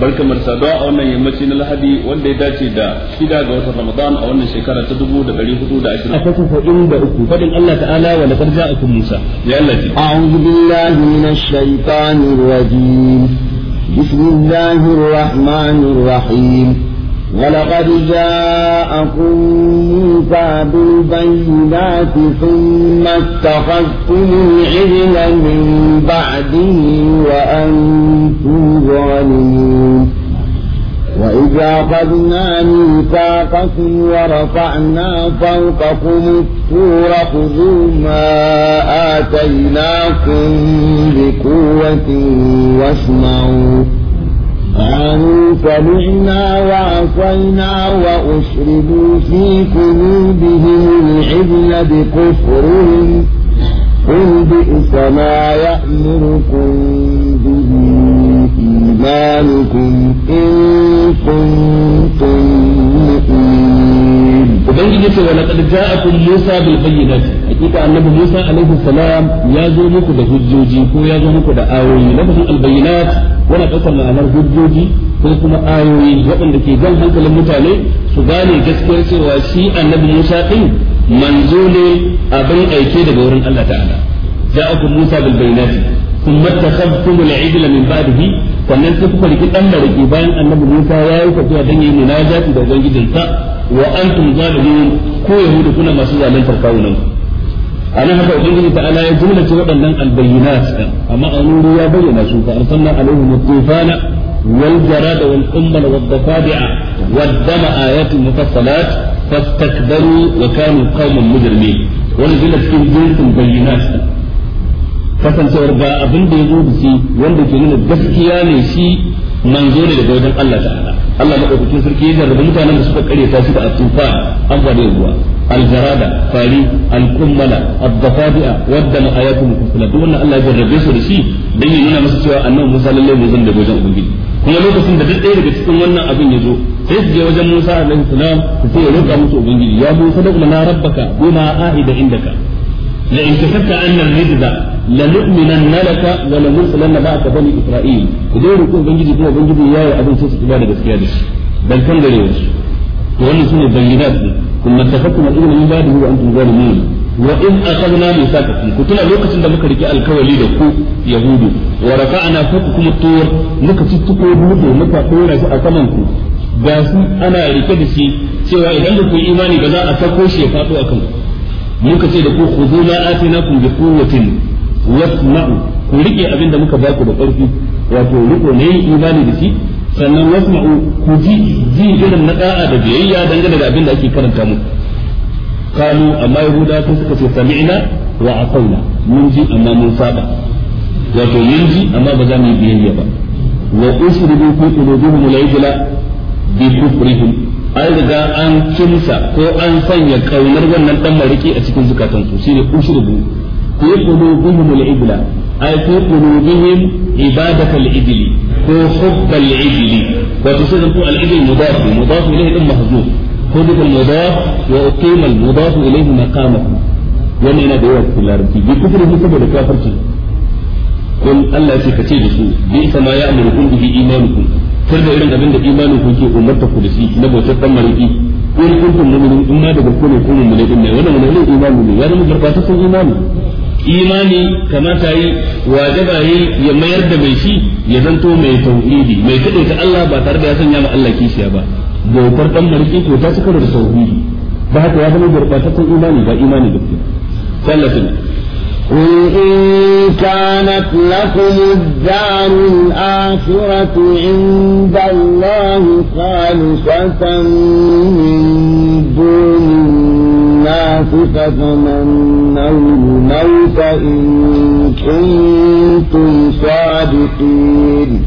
barka mu saduwa a wannan yammaci na lahadi wanda ya dace da shida ga watan ramadan a wannan shekara ta dubu da dari hudu da ashirin. akwai faɗin da uku faɗin allah ta'ala wa a kun musa ya allah ji. a'udhu billahi na shaitanir rajim bismillahir rahmanir rahim ولقد جاءكم موسى بالبينات ثم اتخذتم العجل من بعده وأنتم ظالمون وإذا أخذنا ميثاقكم ورفعنا فوقكم الطور خذوا ما آتيناكم بقوة واسمعوا قالوا سمعنا وعصينا وأشربوا في قلوبهم العجل بكفرهم قل بئس ما يأمركم به إيمانكم إن كنتم مؤمنين. وبنجد ولقد جاءكم موسى بالبينات hakika annabi Musa alaihi salam ya zo muku da hujjoji ko ya zo muku da ayoyi lafazin albayinat wani ɗaukar ma'anar hujjoji ko kuma ayoyi waɗanda ke jan hankalin mutane su gane gaskiyar cewa shi annabi Musa ɗin manzo ne abin aike daga wurin Allah ta'ala ja'akum Musa bil bayinati ثم اتخذتم العجل من بعده sannan sai kuka riki dan mariki bayan annabi Musa ya yi tafiya dan yi munajati da ubangijinsa wa antum zalimun ko yahudu kuna masu zaluntar kawunan ana haka ubangiji ta ala ya jumla ce waɗannan albayyinat amma a nuru ya bayyana su fa arsalna alaihim tufana wal jarada wal qummal wad dafadi'a wad dama ayatun mufassalat fastakbaru wa kanu qauman mujrimin wannan jumla cikin jinsin bayyinat kasancewar ga abin da ya zo da wanda ke gaskiya ne shi manzo ne daga wajen Allah ta'ala Allah sarki ya jarrabe mutanen da suka karya ta da atufa an faɗi ruwa aljarada fari alkummala abdafabi'a wadda ma ayatu mufassala duk wannan Allah ya jarrabe su da shi dan ya nuna masa cewa annabi Musa lalle mu zan da gojan ubangiji kuma lokacin da duk ɗaya daga cikin wannan abin ya zo sai su je wajen Musa alaihi salam su ce ya roƙa musu ubangiji ya Musa da lana rabbaka bima a'ida indaka la in kashafta anna ridda la nu'minanna laka wa la mursalanna ba'aka bani isra'il idan ubangiji kuma ubangiji ya yi abin sai su ba da gaskiya da shi dan kan su to wannan sune ثم اتخذتم الإذن من بعده وأنتم ظالمون وإذ أخذنا ميثاقكم كتنا لوكة لما رجاء الكوالي لكو يهود ورفعنا فوقكم الطور لك ستكو يهود لك gasu ana rike da shi cewa idan ba ku yi imani ba za a shi ya faɗo a kanku muka ce da ku khudhu ma atinakum bi quwwatin wasma'u ku rike abinda muka baku da ƙarfi wato riko ne imani da shi sannan wasma'u ku ji ji irin na da'a da biyayya dangane da abin da ake karanta mu kalu amma yahuda sun suka ce sami'na wa asauna mun ji amma mun saba wato mun ji amma ba za mu yi biyayya ba wa usribu fi qulubihim al-ijla bi kufrihim an riga an kimsa ko an sanya kaunar wannan dan mariki a cikin zukatansu shine usribu fi qulubihim al-ijla ay fi qulubihim ibadatal ijli ko hubbal ijli wato sai zanto al-ijli mudaf mudaf ilayhi din mahzuf ko al-mudaf wa uqima al-mudaf ilayhi maqamahu wannan yana da yawa cikin larabci bi kufri saboda kafirci kun Allah ya ce ka ce da su bi ma ya amurkum bi imanukum kar da irin abin da imanin ke umarta ku da shi na bautar dan mariki in kuntum mu'minin in ma da gaske ne ku mu'minin ne wannan ne imani ne ya zama garbataccen imani imani kamata yi wajaba yi ya mayar da mai shi ya zanto mai tauhidi mai kaɗai ta Allah ba tare da ya sanya ma Allah kishiya ba Gautar dan mariki ko ta cika da tauhidi ba haka ya zama gurbataccen imani ba imani da gaskiya sallatin قل إن كانت لكم الدار الآخرة عند الله خالصة من دون الناس فتمنوا الموت إن كنتم صادقين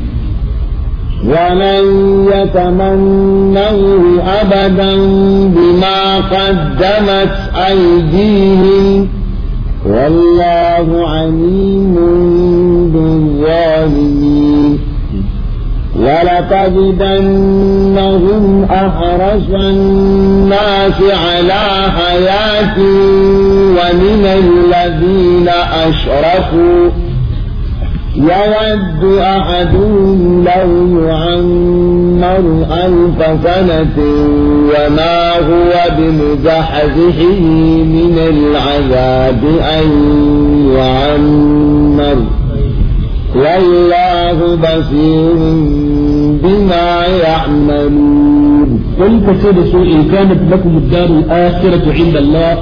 ولن يتمنوا أبدا بما قدمت أيديهم والله عليم بالظالمين ولتجدنهم أحرص الناس على حياة ومن الذين أشركوا يود أحدهم لو يعمر ألف سنة وما هو بمزحزحه من العذاب أن يعمر والله الله بصير بما يعملون قل فسيد سوء إن كانت لكم الدار الآخرة عند الله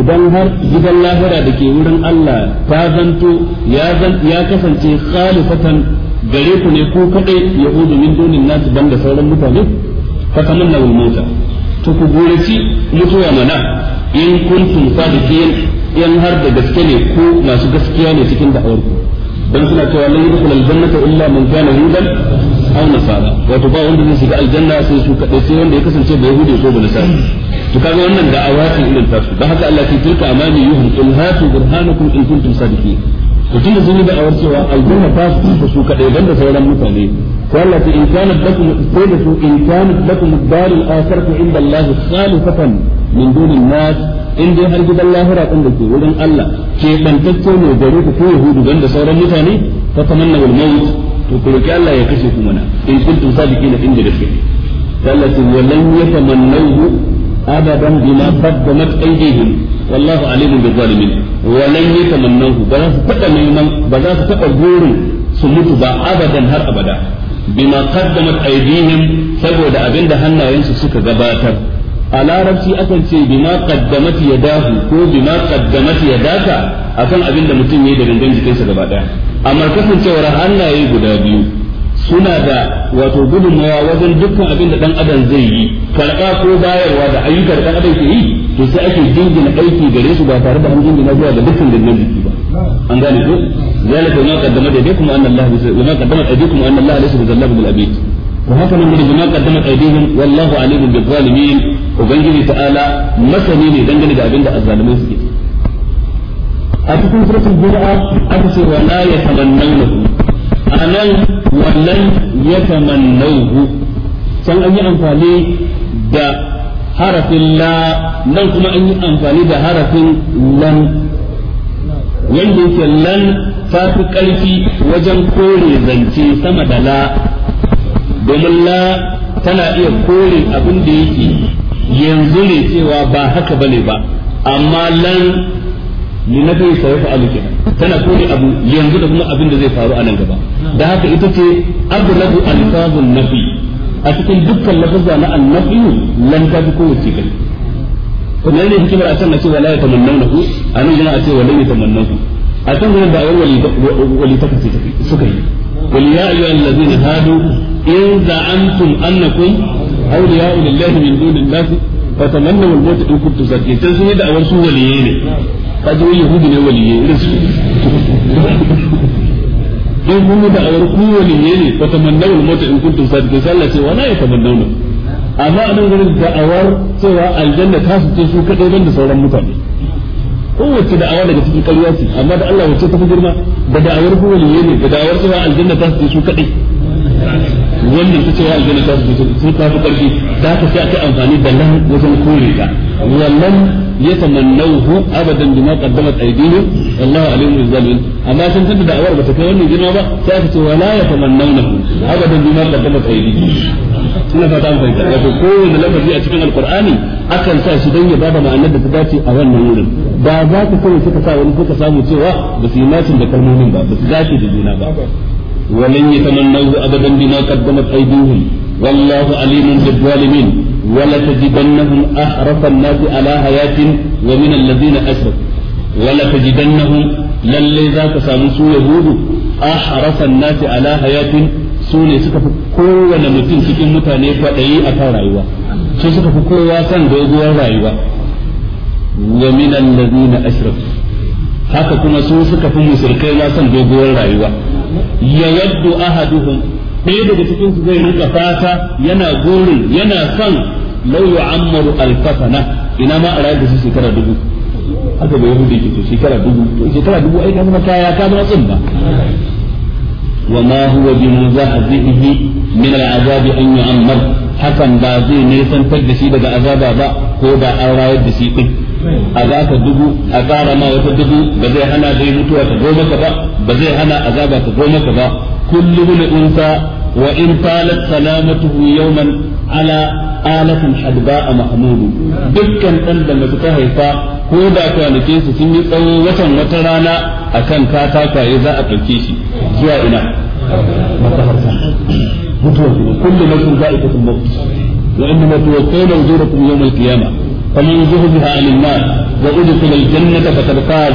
idan har gidan lahira da ke wurin Allah ta zanto ya kasance khalifatan gare ku ne ko kadai yahudu min dunin nasu banda sauran mutane fa na wal to ku goraci mutuwa mana in kuntum sadiqin in har da gaske ne ko masu gaskiya ne cikin da'awar ku dan suna cewa lan yadkhul aljannata illa man kana hudan aw nasara wato ba wanda zai shiga aljanna sai su kadai sai wanda ya kasance bai hude ko ba nasara to kaga wannan da'awa ce irin ta su dan haka Allah ke tilka amani yuhum in hatu burhanakum in kuntum sadiqin to tunda sun da awar cewa aljanna ba su su kadai banda sauran mutane قال إن كانت لكم استيدة إن كانت لكم الدار الآخرة عند الله خالصة من دون الناس in dai har gidan lahira ɗin da ke wurin Allah ke bantacce ne gare ko yahudu dan da sauran mutane fa tamanna wal maut to ku Allah ya kashe ku mana in kuntum sadiqina in da gaske Allah ce walan yatamannahu abadan bima qaddamat aydihim wallahu alimun bil zalimin walan yatamannahu ba za su ba za taɓa su mutu ba abadan har abada bima qaddamat aydihim saboda abinda hannayensu suka gabatar a larabci akan ce bima qaddamat yadahu ko bima qaddamat yadaka akan abinda mutum yayi da gangan jikinsa gaba daya amma kasancewar hannaye guda biyu suna da wato gudunmawa wajen dukkan abinda da adam zai yi karɓa ko bayarwa da ayyukan ɗan dan adam ke yi to sai ake jingina aiki gare su ba tare da an jingina zuwa ga dukkan gangan jiki ba an gane ko zalika ma qaddama da anna Allah wa ma qaddama anna Allah laysa bizallab bil abid wa haka nan gudu ma qaddama aydihim wallahu alimun bil zalimin ubangiji ta'ala masani ne dangane da abinda azzalimai suke a cikin suratul bid'a aka ce wala yatamannawnahu anan wallan yatamannawhu san an yi amfani da harafin la nan kuma an yi amfani da harafin lan wanda yake lan ta fi ƙarfi wajen kore zance sama da la domin la tana iya kore abin da yake yanzu ne cewa ba haka ne ba amma lan ni na kai sai fa tana kore abu yanzu da kuma abin da zai faru a nan gaba da haka ita ce abu ablagu alfazun nafi a cikin dukkan lafazza na annabi lan ta fi kowace kai kuma ne hikimar a can na ce wala yatamannahu na ku a a ce wala ku a can gurin da ayyuka wali ta kace suka yi qul ya ayyuhal ladina hadu in za'antum annakum awliya'u lillahi min duni llahi fatamannaw al-maut in kuntum sadiqin sai sun yi da'awar su waliye ne kaji wani yahudi ne waliye irin su in kun yi da'awar ku waliye ne fatamannaw al mota in kuntum sadiqin sai Allah ce wala ku. amma anan gurin da'awar cewa aljanna ta su ce su kadai ban da sauran mutane kowace da'awa daga cikin ƙarya ce amma da Allah wacce ta fi girma da da'awar ko waliye ne da da'awar cewa aljanna ta su ce su kadai wannan ta cewa aljanna ta su ce su ta fi karfi da ta sai aka amfani da nan wajen kore ta wannan yatamannawhu abadan bima qaddamat aydihim wallahu alimun bizalimin kai wannan girma ba sai aka ce wala yatamannawnahu ina fata fahimta wato kowane lafazi a cikin alqur'ani akan sa shi dan ya bada ma'anar da ta dace a wannan wurin ba za ka kawai suka sa wani suka samu cewa ba su yi macin da kalmomin ba ba su dace da juna ba ولن يتمنوه أبدا بما قدمت أيديهم ولتجدنهم أحرص الناس على حياة ومن الذين أشركوا ولتجدنهم للي ذاك سامسو يهود أحرص الناس على حياة su ne suka fi kowane mutum cikin mutane kwaɗayi a kan rayuwa su suka fi kowa san doguwar rayuwa wa haka kuma su suka fi musulkai ma san doguwar rayuwa ya yaddu ahaduhum ɗaya daga cikin su zai rika fata yana gurin yana son law yu'ammaru alfasana ina ma a rayar da shi shekara dubu haka bai yahudi ke dubu to shekara dubu an yu'ammar hakan ba zai da shi daga azaba ba ko da dubu a tsara ma wata dubu ba zai hana zai mutuwa ta goma ka ba ba zai hana azaba ta goma ka ba kullu wa in talat salamatuhu yawman ala alatan hadba a mahmudu dukkan dan da mace ta haifa ko da kwanakin su sun yi tsawo watan wata rana akan katakaye za a ɗauke shi zuwa ina mutuwa kullu nafsin za'iqatul maut wa innama tuwaffawna ujurakum yawmal qiyamah فمن زهدها عن النار وأدخل الجنة فقد فاز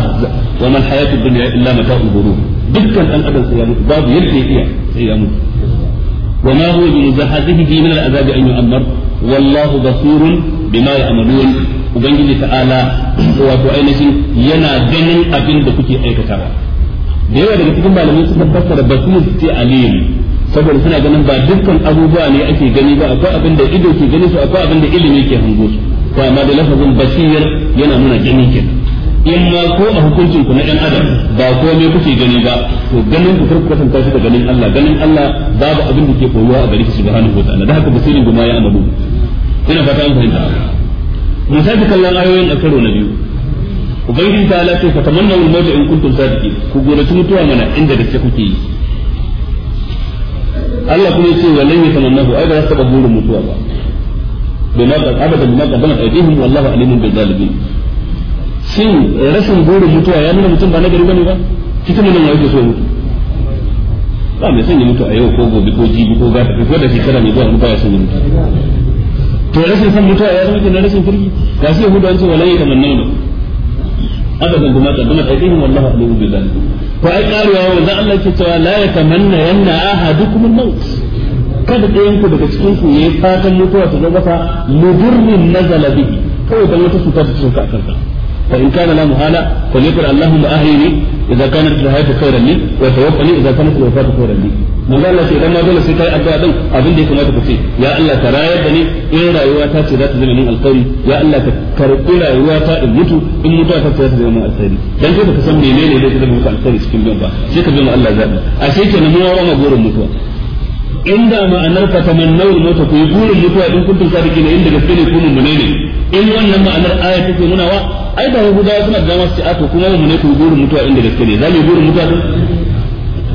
وما الحياة الدنيا إلا متاع الغرور دكا أن أدرس يا مت باب يلقي فيها يا mutu. وما هو بمزحزحه من العذاب أن يؤمر والله بصير بما يعملون ubangiji ta'ala wato ainihin yana ganin abinda da kuke aikatawa da yawa daga cikin malamai suka fassara basir ce alim saboda suna ganin ba dukkan abubuwa ne ake gani ba akwai abin ido ke gani su akwai abinda da ilimi ke hango su to amma da lafazin basir yana nuna gani kenan in ma ko a hukuncin ku na ɗan adam ba komai kuke gani ba to ganin ku karku kasanta shi da ganin Allah ganin Allah babu abin da ke koyuwa a gare shi subhanahu wa ta'ala da haka basirin guma ya amalu ina fata an fahimta mu sake kallon ayoyin a karo na biyu ubangiji ta ala ce fa tamanna wal mauta in kuntum sadiqin ku gonaci mutuwa mana inda da kuke yi Allah kuma yace walan yatamannahu ai ba za su taɓa burin mutuwa ba bima qad abada bima qad banat aydihim wallahu alimun bil zalimin shin rashin burin mutuwa ya nuna mutum ba na gari bane ba cikin nan yake so mutu ba mai sanya mutu a yau ko gobe ko jibi ko gata ko da shekara mai zuwa mutuwa ya sanya mutu to rashin san mutuwa ya zama kenan rashin kirki ga shi yahudu an ce wala yaka mannan da abadan kuma kaddama aidihim wallahu alimu bi zalik ko ai karuwa wa za Allah ke cewa la tamanna yanna ahadukum al-maut kada ɗayan ku daga cikin ku yayi fatan mutuwa ta zo masa mudurrin nazala bihi kawai dan wata cuta ta sauka a kanka فإن كان لا محالة فليقل اللهم أهلني إذا كانت الحياة خيرا لي وتوفني إذا كانت الوفاة خيرا لي mun ga Allah sai dan dole sai kai addu'a din abin da ya kamata ku ce ya Allah ka rayar da ni in rayuwa ta ce za ta zama min alkhairi ya Allah ka karɓi rayuwa ta in mutu in mutuwa ta ce za ta zama min alkhairi dan kai baka san menene zai zama maka alkhairi cikin bin ba sai ka zama Allah zabi a sai kenan mu wa ma gurin mutuwa inda ma'anar ka tamannau mota ku yi gurin mutuwa din kuntum sadiqina inda gaske ne ku mun ne in wannan ma'anar aya take nuna wa ai da yahudawa suna da dama su ce ato kuma mu ne ku gurin mutuwa inda gaske ne za mu mutuwa din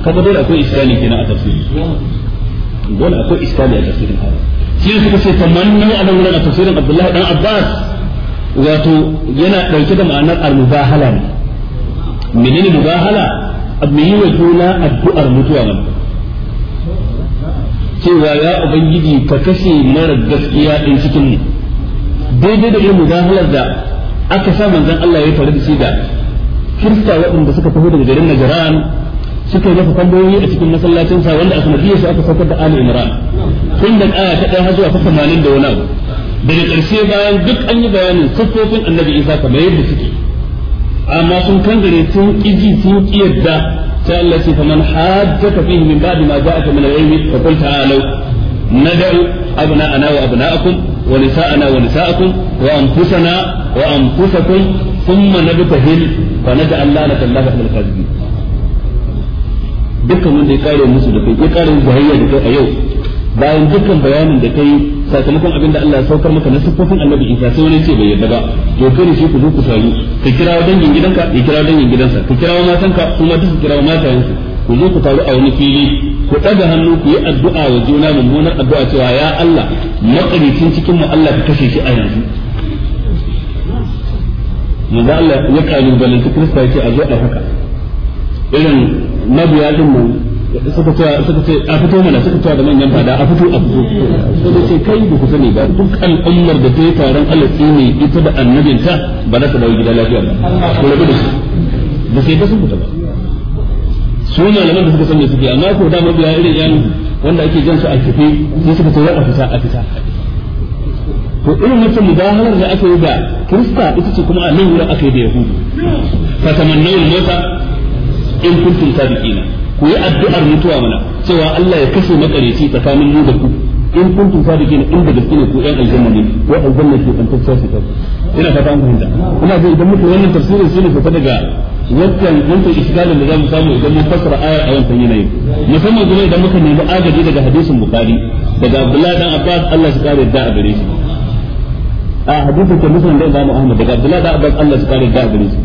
kaga dole akwai iskali kenan a tafsiri dole akwai iskali a tafsirin haka shi suka ce tamannu a nan wurin a tafsirin Abdullahi dan Abbas wato yana dauke da ma'anar al-mubahala ne menene mubahala mu yi wa juna addu'ar mutuwa nan cewa ya ubangiji ka kashe mara gaskiya din cikin mu daidai da yin mubahalar da aka sa manzon Allah ya faru da shi da kirista waɗanda suka taho daga garin Najran suka dafa tambayoyi a cikin masallacin sa wanda a sanadiyya su aka saukar da Ali Imran tun da aya ta ɗaya har zuwa ta 80 da wani abu daga ƙarshe bayan duk an yi bayanin siffofin Annabi Isa kamar yadda suke amma sun kangare sun ƙiji sun ƙiyarda sai Allah ce faman hajjaka fihi min ba'di ma ja'aka min al-ilmi fa qul ta'alu nad'u abna'ana wa abna'akum ونساءنا ونساءكم وأنفسنا وأنفسكم ثم نبتهل فنجعل لعنة الله على الكاذبين dukkan wanda ya kare musu da kai ya kare musu hayya da kai a yau bayan dukkan bayanin da kai sakamakon abin da Allah ya saukar maka na siffofin annabi Isa sai wani ce bai yarda ba to kai ne shi ku zo ku sani ka kira dangin gidanka ya kira dangin gidansa ka kira ka kuma duk su kira su ku zo ku taru a wani fili ku ɗaga hannu ku yi addu'a wa juna mummunar addu'a cewa ya Allah makaricin cikin mu Allah ka kashe shi a yanzu manzo Allah ya kalu balanta kristo yake a zo a haka irin mabiya din mu suka ce suka ce a fito mana suka ce da manyan fada a fito a fito suka ce kai ba ku sani ba duk al'ummar da ta yi taron Allah ne ita da annabinta ba za ta dawo gida lafiya ba ko rabu da su ba sai ba sun fita ba su malaman da suka sani suke amma ko da mabiya irin yan wanda ake jan su a kife sai suka ce a fita a fita to irin wacce mubahalar da aka yi da kirista ita ce kuma a nan wurin aka yi da yahudu fa tamannawul mota in kuntum na ku yi addu'ar mutuwa mana cewa Allah ya kashe makareci tsakanin mu da ku in kuntum na in da gaske ne ku ɗan aljanna ne ko aljanna ke tantance shi ta ina fata an fahimta ina ga idan muka wannan tafsirin shine fita daga wannan wannan iskalin da zamu samu idan mun fassara ayar a wannan yanayi musamman kuma idan muka nemi agaji daga hadisin bukhari daga abdullahi dan abbas Allah ya kare da a gare shi a hadisin ke musulun da imamu ahmad daga abdullahi da abbas allah su kare da gare su.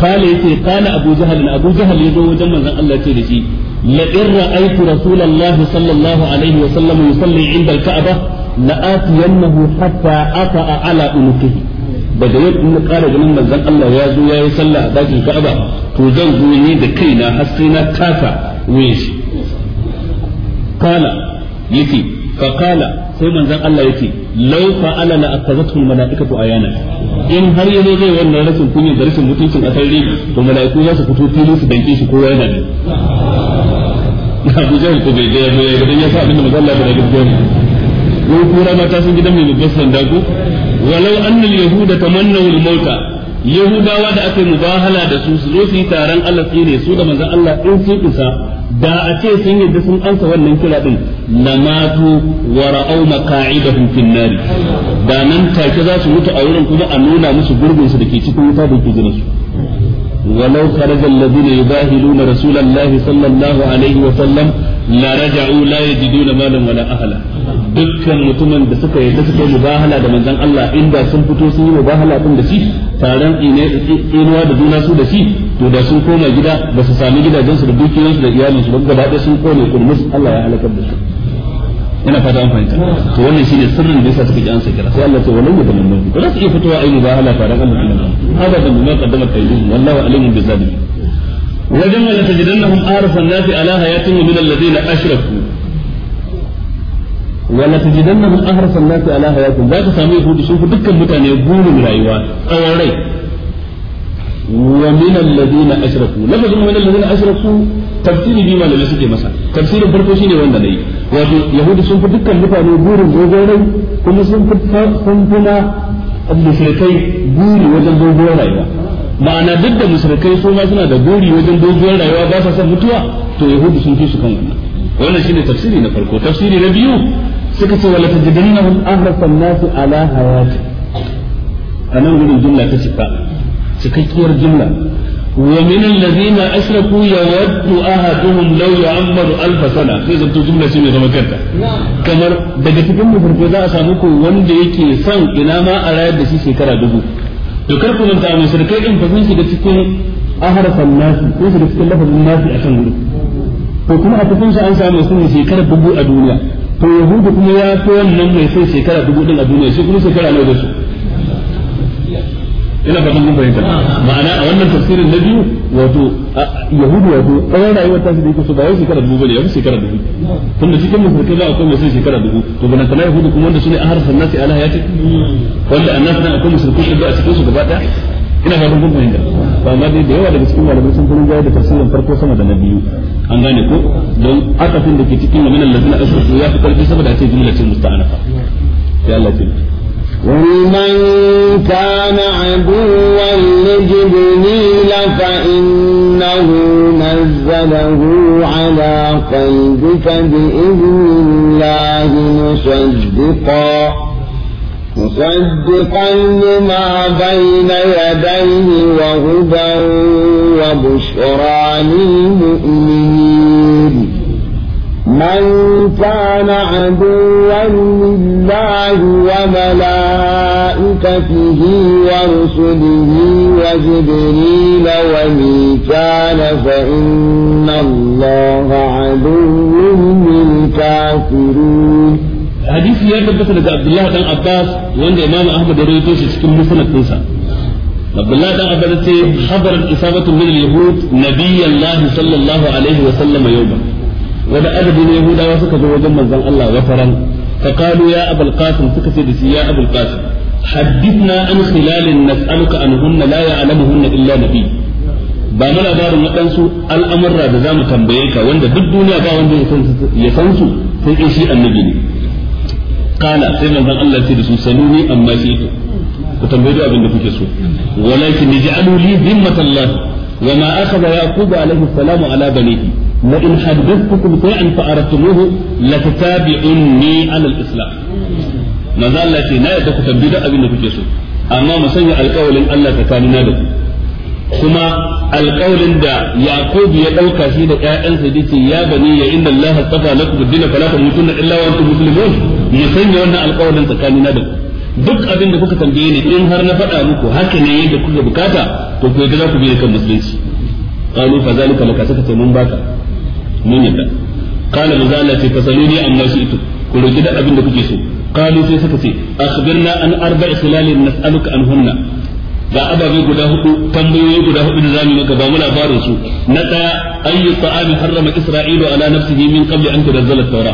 kale yace kana abu jahal abu jahal yazo wajen manzon allah ce da shi la in ra'aytu rasulullahi sallallahu alaihi wa sallam yusalli inda al-ka'bah la atiyannahu hatta ata'a ala unqihi daga yau in na kara ganin manzon Allah ya zo ya yi sallah a dakin Ka'aba to zan zo ne da kaina har sai na taka wuyan shi kala yace fa kala sai manzon Allah yake law fa'ala la akazathu malaikatu ayana in har yazo zai wannan rashin kunya da rashin mutuncin asali to malaiku za su fito fili su danke shi ya da ne Abu Jahl ko bai da ya ga dan ya sa abin da manzon Allah ya gaskiya ne wai kura mata sun gidan mai babbar sanda ko walau annal yahuda tamannaw al-mauta yahudawa da aka mubahala da su su zo su yi taron Allah ne su da manzon Allah in sun isa da a ce sun yadda sun ansa wannan kira din lamatu wa ra'aw maqa'idahum fin nar da nan take za su mutu a wurin kuma a nuna musu gurbin su dake cikin wuta da ke jiransu ولو خرج ya يباهلون رسول الله alaihi wa عليه وسلم لرجعوا لا يجدون مالا ولا dukkan mutumin da suka yadda suka yi mubahala da manzon Allah inda sun fito sun yi mubahala din da shi taron inuwa da juna su da shi to da sun koma gida ba su sami gidajensu da dukiyoyinsu da iyalinsu don gaba ɗaya sun kone kurmus Allah ya halakar da su ina fata an fahimta to wannan shine sirrin da yasa suka ji an sai kira sai Allah ce walau da mun ba za su iya fitowa ayi ba hala fara kan mutum haka da mun kaddama tayyibun wallahi alimun bi zalimi wajen la tajidannahum arfan nafi ala hayatin min alladhina ashraku wala tajidannahum ahras an-nas ala hayatin za ka sami hudu sun fi dukkan mutane burin rayuwa tsawon rai wa min alladhina ashraku lafazin min alladhina ashraku tafsiri bi la suke masa tafsirin farko shine wanda nayi wato yahudu sun fi dukkan mutane burin dogon rai kuma sun fi sun fi mushrikai buri wajen dogon rayuwa ma'ana duk da mushrikai su ma suna da buri wajen dogon rayuwa ba sa son mutuwa to yahudu sun fi su kan wannan wannan shine tafsiri na farko tafsiri na biyu suka ce wala tajidannahum ahrasan nasi ala hayati anan gudun jumla ta cika cikakkiyar jumla ومن الذين أشركوا يود أحدهم لو يعمر ألف سنة sai zanto jumla ce mai zama kanta kamar daga cikin mafarko za a samu ko wanda yake son ina ma a rayar da shi shekara dubu to kar ku manta mai shirkai din fa sun shiga cikin aharfan nasi ko shiga cikin lafazin nasi a kan gudu to kuma a cikin shi an samu sun shekara dubu a duniya to yahudu kuma ya fi wannan mai sai shekara dubu din a duniya shi kuma shekara nawa da su ina fatan mun fahimta ma'ana a wannan tafsirin na biyu wato yahudu wato tsawon rayuwar tasu da yake so ba wai shekara dubu bane ya fi shekara dubu tunda cikin musulmai za a kuma sai shekara dubu to bana kana yahudu kuma wanda sune aharsan nasi ala hayati wanda annas nan akwai musulmai da a cikin su gaba daya ina fatan mun fahimta to amma dai da yawa daga cikin malamai sun furin jaya da tafsirin farko sama da na biyu an gane ko don akafin da ke cikin wa minal ladina asrafu ya fi karfi saboda ce jumla ce musta'anafa sai Allah ce ومن كان عدوا لجبريل فإنه نزله على قلبك بإذن الله مصدقا مصدقا لما بين يديه وهدى وبشرى للمؤمنين من كان عدوا لله وملائكته ورسله وجبريل وميكال فإن الله عدو للكافرين hadisi ya tabbata daga Abdullah dan Abbas wanda Imam Ahmad ya rawaito shi cikin musnad dinsa Abdullah dan Abbas ce habar isabatu min al-yahud nabiyallahi sallallahu alaihi wa sallam yawma wanda adadin yahudawa suka zo wajen manzon Allah gafaran فقالوا يا أبا القاسم تكسد يا أبا القاسم حدثنا عن خلال نسألك عنهن لا يعلمهن إلا نبي ba mu labarin waɗansu al'amurra da za mu tambaye ka wanda duk duniya ba wanda ya sansu su ishi a shi kala sai manzon Allah su saluni amma shi ku tambaye da abin da kuke so walakin nij'alu li ala banihi la in haddathukum shay'an fa aradtumuhu la tatabi'unni ala al na yadda ku tambaye abin da kuke so amma mu sanya da ku kuma alƙawarin da yakubu ya ɗauka shi da ƴaƴansa dace ya bani ya inna allah astafa lakum ad-din fala na illa wa antum muslimun mu sanya wannan alƙawarin na da duk abin da kuka tambaye ni in har na faɗa muku haka ne yadda kuka bukata to ku yadda za ku biye kan musulunci qalu fa zalika laka saka ce mun baka mun yadda qala ma zalati fasaluni amma shi'tu ku roki da abin da kuke so qalu sai suka ce akhbirna an arba'i khilalin nas'aluka anhunna ga ababe guda hudu tambayoyi guda hudu da zamu maka ba mu labarin su na daya ayyu ta'ami harrama isra'ilu ala nafsihi min qabli an tunzala at-taura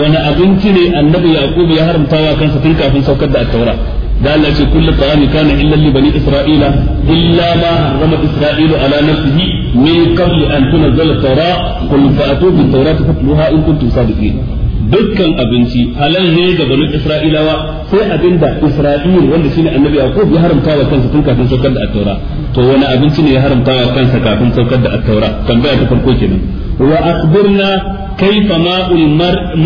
wani abinci ne annabi yaqub ya haramtawa kansa tun kafin saukar da at-taura da Allah ce kullu ta'ami kana illa li bani isra'ila illa ma harrama isra'ilu ala nafsihi min qabli an tunzala at-taura qul fa'tu bit-taurati fatluha in kuntum sadiqin dukkan abinci halal ne ga banu isra'ilawa sai abinda isra'il wanda shine annabi yaqub ya haramta wa kansa tun kafin saukar da at-taura to wani abinci ne ya haramta wa kansa kafin saukar da at-taura tambaya ta farko kenan wa akhbirna kayfa ma'ul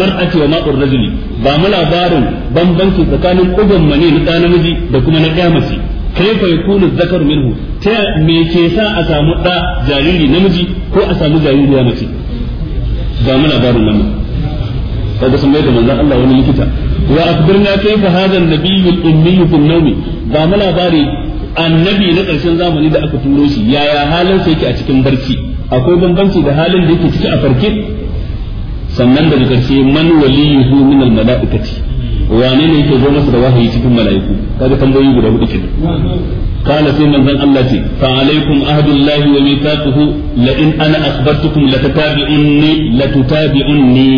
mar'ati wa ma'ul rajuli ba mu labarin bambanci tsakanin ugun mani na dan namiji da kuma na ɗaya mace kayfa yakunu zakar minhu ta me ke sa a samu ɗa jariri namiji ko a samu jariri ya mace ba mu labarin nan. kaga sun mai da manzon Allah wani likita wa akbirna kayfa hadha an-nabiyyu al-ummi fi an ba mu labari annabi na karshen zamani da aka turo shi yaya halin sa yake a cikin barci akwai bambanci da halin da yake ciki a farke sannan daga karshe man waliyuhu min al-mala'ikati wane ne yake zo masa da wahayi cikin mala'iku kaga tambayoyi guda hudu kenan قال في من ذن الله فعليكم عهد الله وميثاقه لئن انا اخبرتكم لتتابعني لتتابعني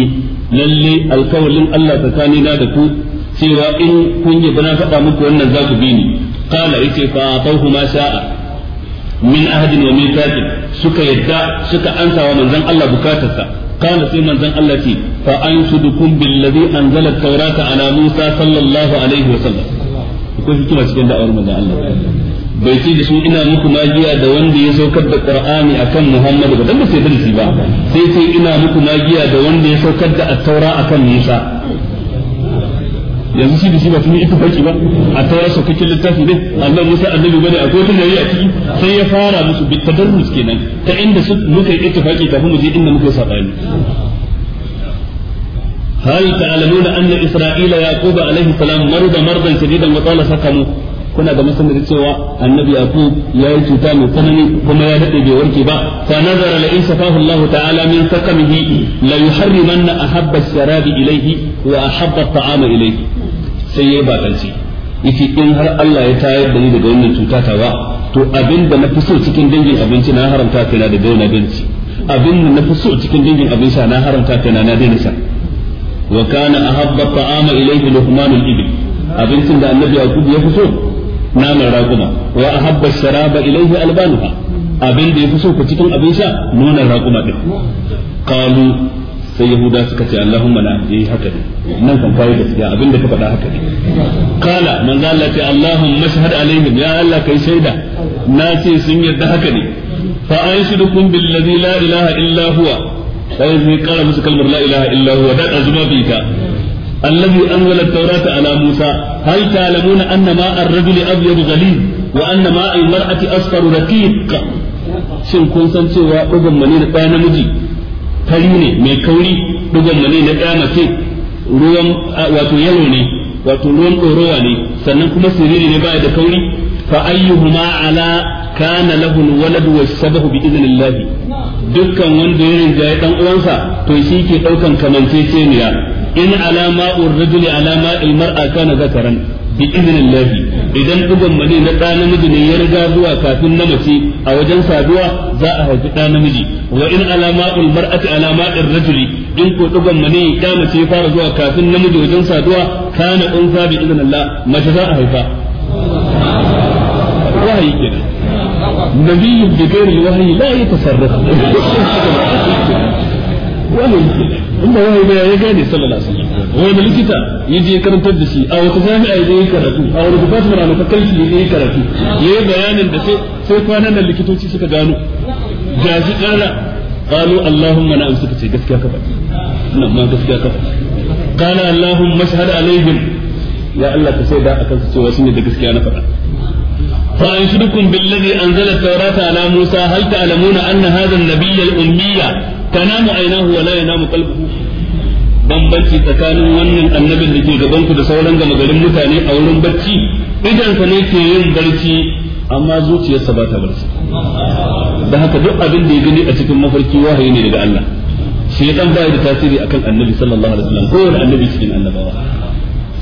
lalle alkawalin Allah tsakani na da ku cewa in kun yi bana faɗa muku wannan za ku bi ni kala yace fa atawhu ma sha'a min ahadin wa mithaqin suka yadda suka ansa wa manzon Allah bukatarsa qala sai manzon Allah ce fa ansudukum billazi anzala at-taurata ala Musa sallallahu alaihi wa sallam ko cikin da'awar manzon Allah bai ce da su ina muku magiya da wanda ya saukar da qur'ani akan muhammad ba dan ba sai dalili ba sai ce ina muku magiya da wanda ya saukar da at-taura akan musa yanzu shi da shi ba sun ita baki ba a taura saukakken littafi ne Allah Musa annabi bane a wata yayi a ciki sai ya fara musu bi tadarrus kenan ta inda su muka yi ita baki kafin mu je inda muka sabani hal ta'lamuna anna isra'ila yaquba يعقوب salam السلام mardan shadidan wa وطال سقمه kuna da masanin cewa annabi yaqub ya yi cuta mai tsanani kuma ya daɗe bai warke ba fa nazara la in safahu Allah ta'ala min sakamihi la yuharrimanna ahabba sharabi ilayhi wa ahabba ta'ama ilayhi sai yayi bakanci yace in har Allah ya tayar da ni daga wannan cuta ta ba to abin da na fi so cikin dangin abinci na haramta kaina da dauna binci abin da na fi so cikin dangin abinci sha na haramta kaina na daina sha wa kana ahabba ta'ama ilayhi luqmanul ibn abincin da annabi yaqub ya fi so naman raguma wa ahabba sharaba ilayhi albanuha abin da yafi so ku cikin abin sha nonon raguma din qalu sai yahuda suka ce allahumma la yi haka ne nan kan kai gaskiya abin da ka faɗa haka ne qala manzo Allah ce allahumma shahad alaihim ya Allah kai shaida na ce sun yarda haka ne fa anshidukum billazi la ilaha illa huwa sai sai kara musu kalmar la ilaha illa huwa da azuma bi ta الذي أنزل التوراة على موسى هل تعلمون أن ماء الرجل أبيض غليظ وأن ماء المرأة أصفر رقيق shin kun san cewa ɗugan mani na ɗaya namiji fari ne mai kauri ɗugan mani na ɗaya mace ruwan wato ne wato ruwan ɗorowa ne sannan kuma siriri ne baya da kauri fa ayyuhuma ala kana lahu alwaladu wasabahu bi idnillah dukkan wanda ya rinjaye dan uwansa to shi ke daukan kamanceceniya in alama urrajuli alama almar'a kana zakaran bi idnillah idan dugan mani na ɗa namiji ne ya riga zuwa kafin na mace a wajen saduwa za a haifi ɗa namiji wa in alama mar'ati alama rajuli in ko dukan mani ɗa mace ya fara zuwa kafin namiji wajen saduwa kana unsa bi idnillah mace za a haifa wahayi kenan نبي بغير الوحي لا يتصرف وهي inda wani da ya gane sallallahu alaihi wasallam wani likita ya je da shi a wata jami'a ya yi karatu a wani department a wata kalki ya yi karatu ya yi bayanin da sai sai kwanan nan likitoci suka gano ga shi kara qalu allahumma na'am suka ce gaskiya ka faɗi nan ma gaskiya ka faɗi qala allahumma shahada alaihim ya Allah ka sai da akan su cewa sun da gaskiya na faɗa فأنشدكم بالذي أنزل التوراة على موسى هل تعلمون na هذا النبي الأمية تنام عيناه ولا ينام قلبه bambanci tsakanin wannan annabin da ke gaban ku da sauran gama garin mutane a wurin barci idan sa ne ke yin barci amma zuciyarsa ba ta barci da haka duk abin da ya gani a cikin mafarki wahayi ne daga Allah shi ya dan bai da tasiri akan annabi sallallahu alaihi wasallam ko annabi cikin annabawa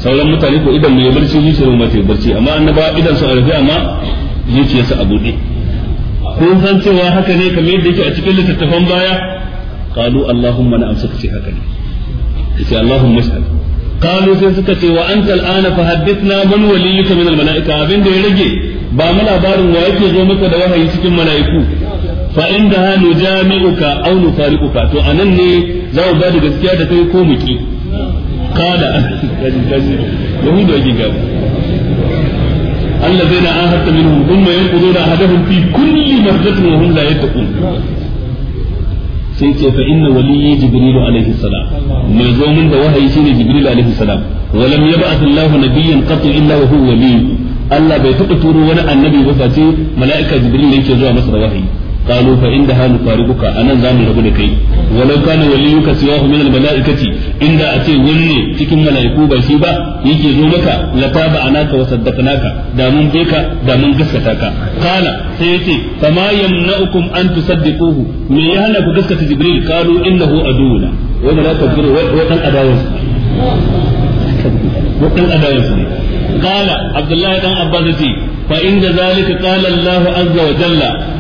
sauran mutane ko idan mai barci zuciyar mu ta barci amma annabawa idan su a rufe amma zuciyar su a buɗe kun san cewa haka ne kamar yadda yake a cikin littattafan baya qalu allahumma na amsa ce haka ne sai allahumma shahad qalu sai suka ce wa anta al'ana fa hadithna man waliyuka min al mala'ika abinda ya rage ba mu labarin wa yake zo maka da wahayi cikin mala'iku fa inda ha nujami'uka aw nufariquka to anan ne za mu ba da gaskiya da kai ko mu ki قال يهود يجي الذين عاهدت منهم ثم ينقضون عهدهم في كل مرة وهم لا يتقون sai ce fa inna waliyyi jibril alaihi salam mai zo min da wahayi shine jibril alaihi salam wa lam yab'ath Allah nabiyyan qat illa wa huwa wali Allah bai taɓa turo wani annabi ba face mala'ika jibril yake zuwa masa da wahayi قالوا فإنها نفارقك أنا زامن ربنا كي ولو كان وليك سواه من الملائكة إن أتي ولي تكن ملائكو بشيبا يجي زومك لتاب عناك وصدقناك دامن بك دامن قسكتاك قال سيتي فما يمنعكم أن تصدقوه من يهلك قسكة جبريل قالوا إنه أدونا وملائكة جبريل وكان أداوز وكان أداوز قال عبد الله بن عباس fa inda zalika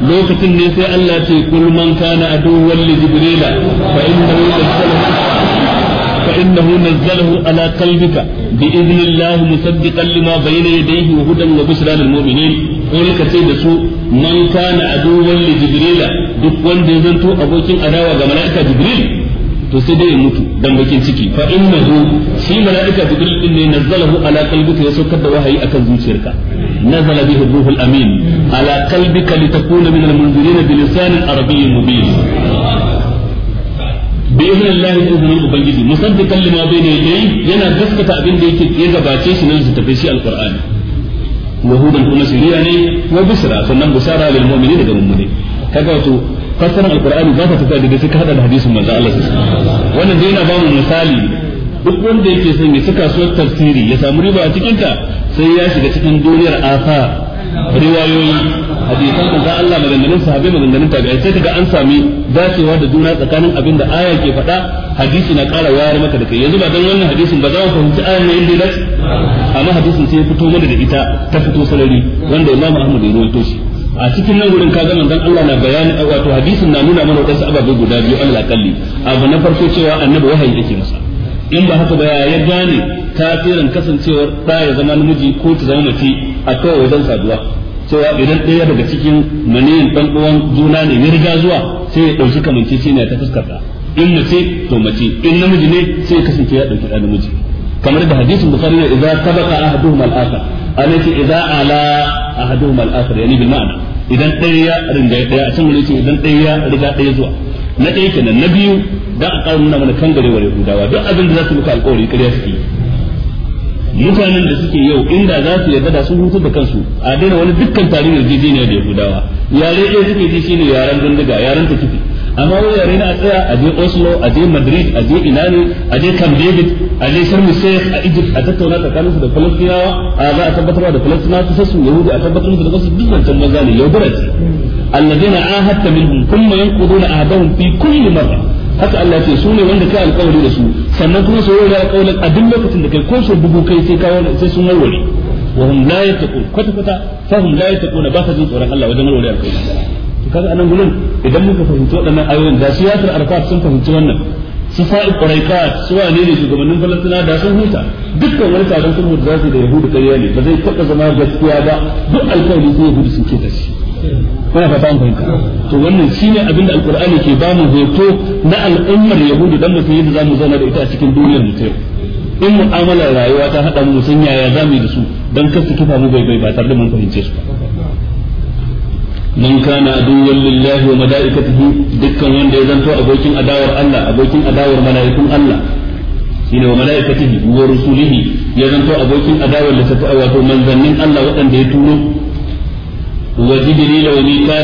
lokacin ne sai Allah ce kul man kana aduwwan li jibrila fa innahu nazzalahu fa innahu nazzalahu ka ce da su duk wanda ya zanto abokin adawa ga mala'ika jibril to sai dai ya mutu dan bakin ciki fa innahu shi malaika jibril din ne nazzalahu ala qalbika ya saukar da wahayi akan zuciyarka nazala bihi ruhul amin ala qalbika litakuna min almunzirin mubin الله abin da yake ya gabace shi nan littafin shi alqur'ani yahudan kuma shiriya ne wa bisra sannan bisara da fassarar alkur'ani ba ta tafiya daidai suka hada da hadisin manzo Allah wannan dai yana ba mu misali duk wanda yake son ya suka so tafsiri ya samu riba a cikin ta sai ya shiga cikin duniyar asa riwayoyi hadisan manzo Allah maganganun sahabbai maganganun tabi'ai sai kaga an sami dacewa da juna tsakanin abin da aya ke faɗa hadisi na ƙara wayar maka da kai yanzu ba dan wannan hadisin ba za mu fahimci aya ne inda dace amma hadisin sai ya fito mana da ita ta fito sarari wanda Imam Ahmad ya rawaito shi a cikin nan wurin kaga manzon Allah na bayani wato hadisin na nuna mana wadansu ababe guda biyu Allah kalli abu na farko cewa annabi wahayi yake masa in ba haka ba ya gane tasirin kasancewar da ya zama namiji ko ta zama mace a kawai wajen saduwa cewa idan ɗaya daga cikin maniyin ɗan uwan juna ne ya riga zuwa sai ya ɗauki ne ta fuskar in mace to mace in namiji ne sai ya kasance ya ɗauki ɗan namiji kamar da hadisin bukhari ya idan tabaqa ahaduhum al-akhar ana ce idza ala ahaduhum al-akhar yani bi ma'ana idan ɗaya ya riga ɗaya a can wani ce idan ɗaya ya riga ɗaya zuwa na ɗaya kenan na biyu da a ƙara nuna mana kan wa yahudawa duk abin da za su muka alƙawari ƙarya suke mutanen da suke yau inda za su yarda da sun hutu da kansu a daina wani dukkan tarihin yarjejeniya da yahudawa yare ɗaya suke ji shine yaren bindiga yaren ta kifi amma wurare na a tsaya a je Oslo a je Madrid a je ina ne a je Camp David a je Sharm el-Sheikh a Egypt a tattauna tsakanin su da Falastinawa a za a tabbatar da Falastinawa su su Yahudi a tabbatar da kasu duk wancan maza ne yaudara ce alladheena ahadta minhum thumma yanquduna ahdahum fi kulli marra haka Allah ce su ne wanda kai alƙawari da su sannan kuma su yi alƙawarin a duk lokacin da kai ko su bugu kai sai kawo sai sun warware wa hum la yattaqun kwata kwata fa hum la yattaquna ba sa jin tsoron Allah wajen warware alƙawari kaga anan gurin idan muka fahimci waɗannan ayoyin da siyasar arfat sun fahimci wannan su fa'i quraiqat su wane ne shugabannin falastina da sun huta dukkan wani taron sun da zasu da yahudu da ne ba zai taɓa zama gaskiya ba duk alƙawari sai yahudu sun ke tashi kuna fata an fahimta to wannan shine abinda alqur'ani ke ba mu hoto na al'ummar yahudu dan mutum yadda zamu zauna da ita a cikin duniyar mu ta in mu'amalar rayuwa ta haɗa mu sun yaya zamu yi da su dan kasta kifa mu bai bai ba tare da mun fahimce su man kana aduwwan lillahi wa malaikatihi dukkan wanda ya zanto abokin adawar Allah abokin adawar malaikun Allah shine wa malaikatihi wa rusulihi ya zanto abokin adawar littafi Allah ya turo wa jibril wa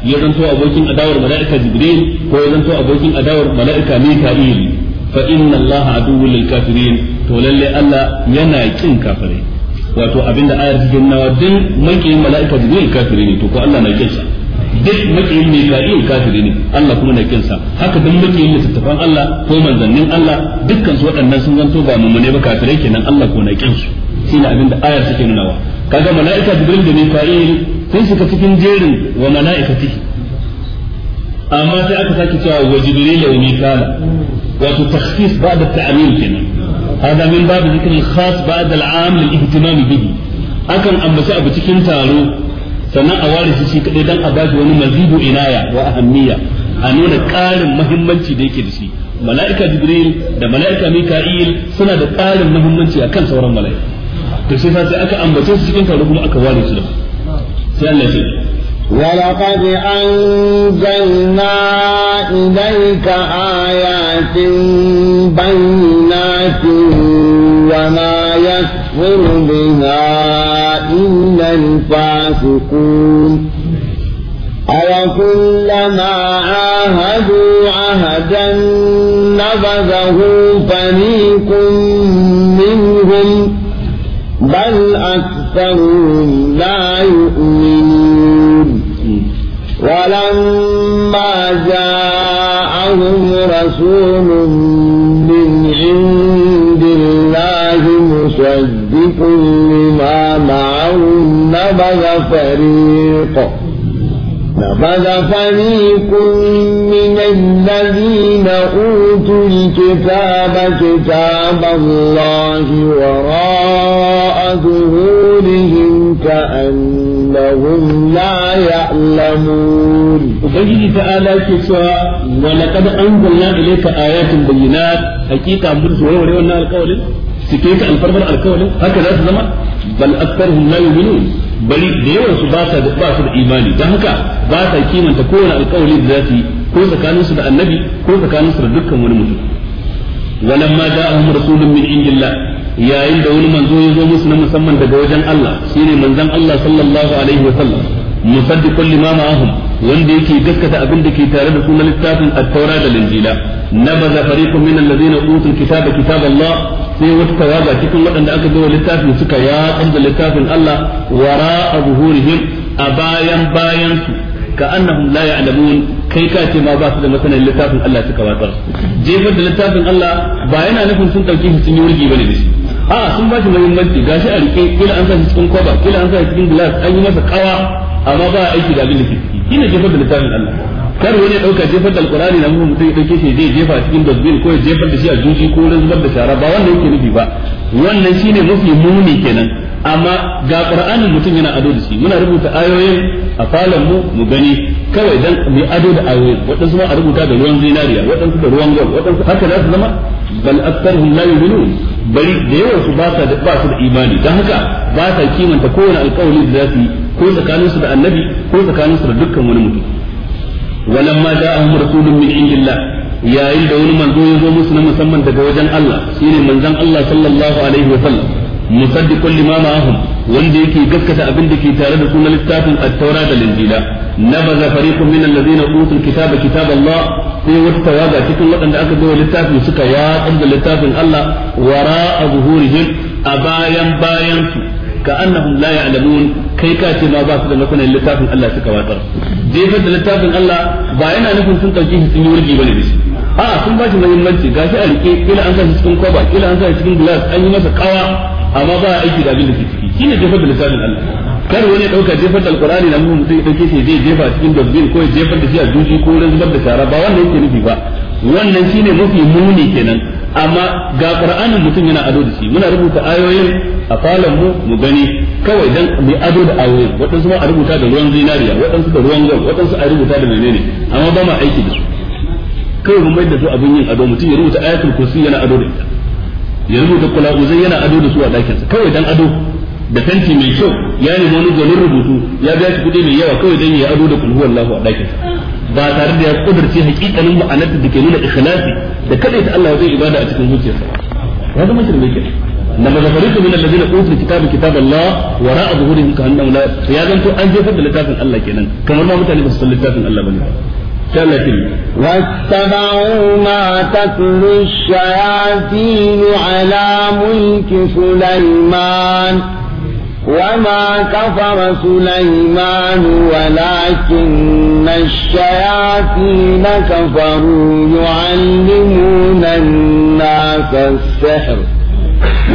ya zanto abokin adawar malaika jibril ko ya zanto abokin adawar malaika fa inna to lalle Allah yana kin kafirai wato abinda ayar take nawa din makiyin mala'ika jibril kafiri ne to ko Allah na kinsa duk makiyin mika'il kafiri ne Allah kuma na kinsa haka duk makiyin littattafan Allah ko manzannin Allah dukkan su waɗannan sun zanto ba mummune ba kafirai kenan Allah ko na kinsu shine abinda ayar take nunawa kaga mala'ika jibril da mika'il sun shiga cikin jerin wa mala'ikatihi amma sai aka sake cewa wa jibril wa mika'il wato takhsis ba da ta'amim kenan hada babu zikirin khas ba'd al-am lil bihi akan ambaci abu cikin taro sannan a ware shi kadai dan a bashi wani mazidu inaya wa ahammiya a nuna ƙarin muhimmanci da yake da shi mala'ika jibril da mala'ika mika'il suna da ƙarin muhimmanci akan sauran mala'ika to sai sai aka ambace su cikin taro kuma aka ware su da sai Allah ya ولقد أنزلنا إليك آيات بينات وما يكفر بها إلا الفاسقون أوكلما عاهدوا عهدا نبذه فريق منهم بل أكثرهم لا يؤمنون ولما جاءهم رسول من عند الله مصدق لما معهم نبذ فريق نبذ فريق من الذين أوتوا الكتاب كتاب الله وراء ظهورهم كأن أنهم لا يعلمون وبجي تعالى كسوى ولقد أنزلنا إليك آيات بينات حقيقة من سورة وليونا القول سكيك الفربر القول هكذا الزمن بل أكثرهم لا يؤمنون bari da yawan su ba sa ba su da imani dan haka ba sa kimanta kowane alƙawari da za su yi ko tsakanin su da annabi ko tsakanin su da dukkan wani mutum walamma ja'ahum yayin da wani manzo ya zo musu na musamman daga wajen Allah shine manzon Allah sallallahu alaihi wasallam musaddiqun lima ma'ahum wanda yake gaskata abin da ke tare da suna littafin at-taura da linjila nabaza fariqun min alladhina utul kitaba kitaballah sai wata tawaga cikin waɗanda aka zo littafin suka ya da littafin Allah wara'a zuhurihim a bayan bayan su كأنهم لا kai كي ma ba su da مثلا littafin Allah suka watsar jefar da littafin Allah ba yana nufin sun dauke shi sun yi wurgi bane da shi a sun ba shi muhimmanci gashi a rike kila an sa shi cikin kwaba kila an sa shi cikin glass an yi masa kawa amma ba aiki da abin da ke ciki kina jefar da littafin Allah kar wani ya dauka jefar da alqur'ani na mutum mutum ya dauke shi zai jefa cikin dustbin ko ya jefar da shi a juji ko wurin zubar da shara ba wannan yake nufi ba wannan shine mafi muni kenan amma ga qur'anin mutum yana ado da shi muna rubuta ayoyin a falon mu mu gani kawai dan mu ado da ayoyin waɗansu ma a rubuta da ruwan zinariya waɗansu da ruwan gold waɗansu haka za su zama bal aktarhum la yu'minun bari da yawan su ba su ba su da imani don haka ba sa kimanta kowane alkawari da za su yi ko tsakanin su da annabi ko tsakanin su da dukkan wani mutum walamma ja'ahum rasulun min indillah yayin da wani manzo ya zo musu na musamman daga wajen Allah shine manzon Allah sallallahu alaihi wa sallam musaddiqun lima ma'ahum wanda yake gaskata abinda da ke tare da suna littafin at-taura da linjila nabaza fariqun min alladhina utul kitaba kitaballah sai wata tawaga cikin waɗanda aka bai littafin suka yatsar da littafin Allah wara'a zuhurihim a bayan bayan su كأنهم لا يعلمون كي كاتي ما باسد لكم اللتاف الله سكواتر جيفة اللتاف الله باينا نكون سنتا جيه سنور جيبا لديشي آه سن باشي مهمانتي قاشي ألي إلا أنسا سكن كوبا إلا أنسا سكن جلاس أي مسا قوا amma ba aiki da abin da ke ciki shine jefar da lisanin Allah kar wani dauka jefar da alqur'ani nan mun mutum dauke shi zai jefa cikin dozbin ko jefar da shi a juji ko wurin zubar da shara ba wannan yake nufi ba wannan shine mafi muni kenan amma ga qur'anin mutum yana ado da shi muna rubuta ayoyin a falon mu mu gani kawai dan mai ado da ayoyin waɗansu ma a rubuta da ruwan zinariya waɗansu da ruwan gwal waɗansu a rubuta da menene amma ba ma aiki da su kawai mun mai da su abin yin ado mutum ya rubuta ayatul kursi yana ado da ita yanzu da kula uzai yana ado da su a dakin sa kawai dan ado da tanti mai kyau ya nemi wani gwanin rubutu ya biya shi kuɗi mai yawa kawai dan ya ado da kulhu wallahu a dakin sa. ba tare da ya kudurce hakikanin ma'anar da ke nuna ikhlasi da kada ta Allah zai ibada a cikin zuciyarsa ya zama shirme ke na mazafaritu min alladhina utul kitaba kitab Allah wa ra'a zuhurihim ka annahum la ya zanto an jefar da littafin Allah kenan kamar ma mutane ba su san littafin Allah bane محكمة واتبعوا ما تتلو الشياطين على ملك سليمان وما كفر سليمان ولكن الشياطين كفروا يعلمون الناس السحر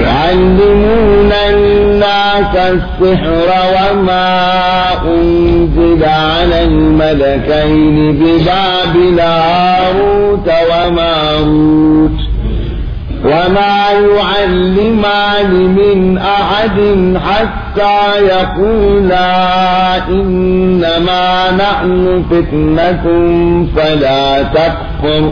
يعلمون الناس السحر وما أنزل ننزل على الملكين ببابل هاروت وماروت وما يعلمان من أحد حتى يقولا إنما نحن فتنة فلا تكفر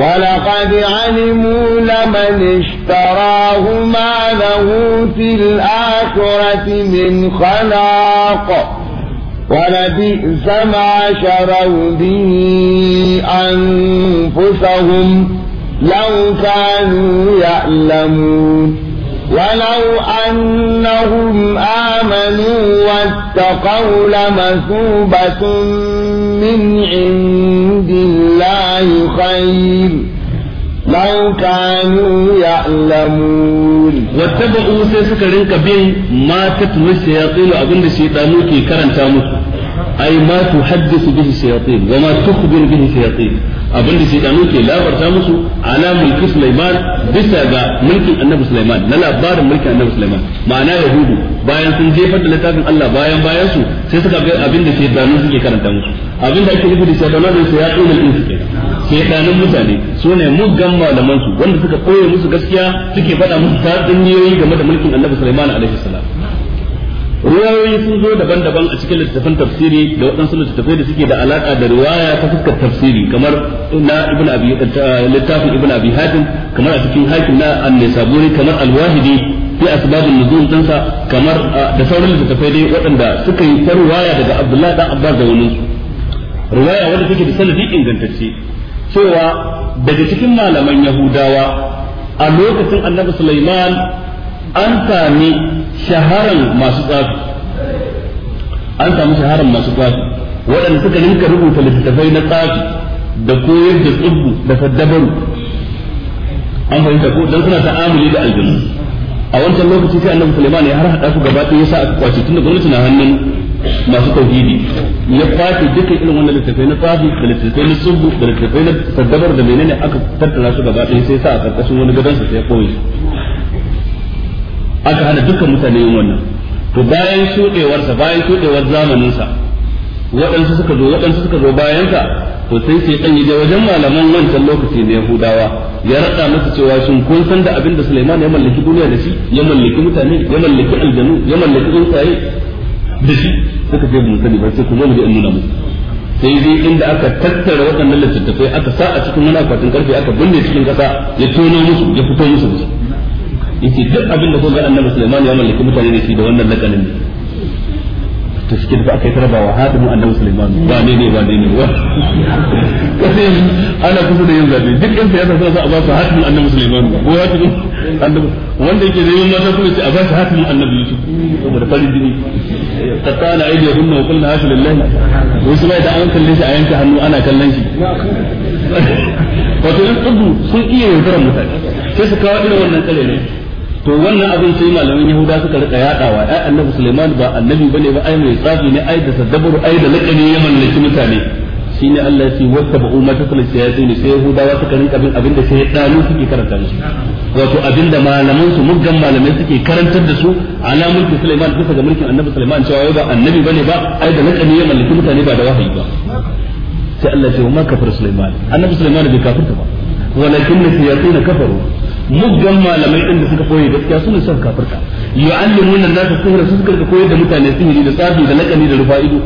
ولقد علموا لمن اشتراه ما له في الآخرة من خلاق ولبئس ما شروا به أنفسهم لو كانوا يعلمون ولو أنهم آمنوا واتقوا لمثوبة من عند الله خير لو كانوا يعلمون واتبعوا سيسكرين كبير ما تتمسي يطيل أبن الشيطان كي كرن تامسوا ai ma tuhaddisu bihi shayatin wa ma tukhbir bihi shayatin abin da shaytanu ke labarta musu ala mulki Sulaiman bisa ga mulkin Annabi Sulaiman na labarin mulkin Annabi Sulaiman ma'ana yahudu bayan sun jefar da littafin Allah bayan bayan su sai suka ga abin da shaytanu suke karanta musu abin da ake nufi da shaytanu da shayatin al-insu shaytanun mutane sune muggan malaman su wanda suka koye musu gaskiya suke faɗa musu tsadin game da mulkin Annabi Sulaiman alaihi salam riwayoyi sun zo daban-daban a cikin littattafan tafsiri da waɗansu littattafai da suke da alaƙa da riwaya ta fuskar tafsiri kamar na ibn abi littafin ibn abi hatim kamar a cikin hakim na an-nisaburi kamar al-wahidi fi asbabun nuzul tansa kamar da sauran littattafai dai waɗanda suka yi ta riwaya daga abdullahi dan abbas da wani riwaya wanda take da sanadi ingantacce cewa daga cikin malaman yahudawa a lokacin annabi sulaiman an sami shaharan masu tsafi an samu shaharan masu tsafi waɗanda suka ninka rubuta littattafai na tsafi da koyar da tsibbu da saddabaru an fahimta ko don suna ta'amuli da aljanu a wancan lokaci sai annabi Suleiman ya har hada su gaba ɗaya sa aka kwace tunda gwamnati na hannun masu tauhidi ya kwace dukkan irin wannan littattafai na tsafi da littattafai na tsibbu da littattafai na saddabar da menene aka tattara su gaba ɗaya sai sa a ƙarƙashin wani gadon sa sai ya ƙoye aka hana dukkan mutane yin wannan to bayan shudewarsa bayan shudewar zamaninsa waɗansu suka zo waɗansu suka zo bayan bayansa to sai sai dan je wajen malaman wancan lokaci ne Yahudawa ya rada musu cewa shin kun san da abinda da Sulaiman ya mallaki duniya da shi ya mallaki mutane ya mallaki aljanu ya mallaki tsuntsaye da shi suka ce mun sani ba sai ku zo mu je in nuna musu sai dai inda aka tattara waɗannan littattafai aka sa a cikin wani akwatin karfe aka binne cikin ƙasa ya tono musu ya fito musu yake duk abin da kun ga annabi Sulaiman ya mallaki mutane ne shi da wannan lakanin ne to shi da aka yi wa hadimin annabi Sulaiman ba ne ne ba ne ne wa kace ana kusa da yin zabe duk yan ya suna za a ba su hadimin annabi Sulaiman ko ya hadimin annabi wanda yake da yin mata kuma ce a ba su hadimin annabi Yusuf saboda farin jini qattana aydiyahunna wa kullu hasha lillahi wasu bai da an kalle shi a yanka hannu ana kallon shi wato in tudu sun iya yaudarar mutane sai su kawo irin wannan tsare ne to wannan abin sai malaman yahuda suka rika yadawa ai annabi sulaiman ba annabi bane ba ai mai tsafi ne ai da sadabbur ai da lakani ya mallaki mutane shine Allah ya ce wata ba umma ta kula sai ne sai yahudawa suka rinka bin abin da sai danu suke karanta musu wato abin da malaman su muggan malamai suke karantar da su ala mulki sulaiman bisa ga mulkin annabi sulaiman cewa ba annabi bane ba ai da lakani ya mallaki mutane ba da wahayi ba sai Allah ya ce wa ma kafir sulaiman annabi sulaiman bai kafirta ba walakin shayatin kafaru muggan malamai din da suka koyi gaskiya su ne suka kafirta yu'allimuna an-nasa sihra su suka koyar da mutane sihiri da tsafi da lakani da rufa'idu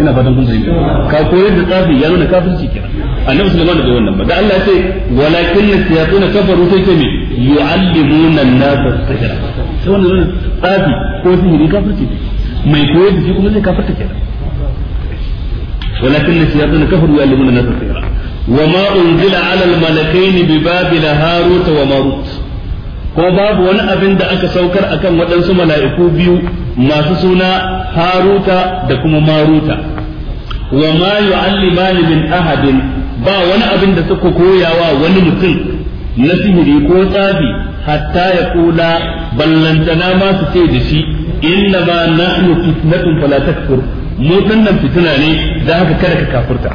ina fatan kun fahimta ka koyar da tsafi ya nuna kafirci kenan annabi sulaiman bai wannan ba da Allah ya ce walakin nasiyatun kafaru sai ce me yu'allimuna an-nasa sihra sai wannan tsafi ko sihiri kafirci mai koyar da shi kuma zai kafirta kenan walakin nasiyatun kafaru yu'allimuna an-nasa sihra وما أنزل على الملكين ببابل هاروت وماروت ko babu wani abin da aka saukar akan waɗansu mala'iku biyu masu suna haruta da kuma maruta wa ma yu'allimani min ahadin ba wani abin da suka koyawa wani mutum na sihiri ko tsafi hatta ya kula ballantana ma su ce da shi inna ma nahnu fitnatun fala takfur mu nan fituna ne da haka kada ka kafurta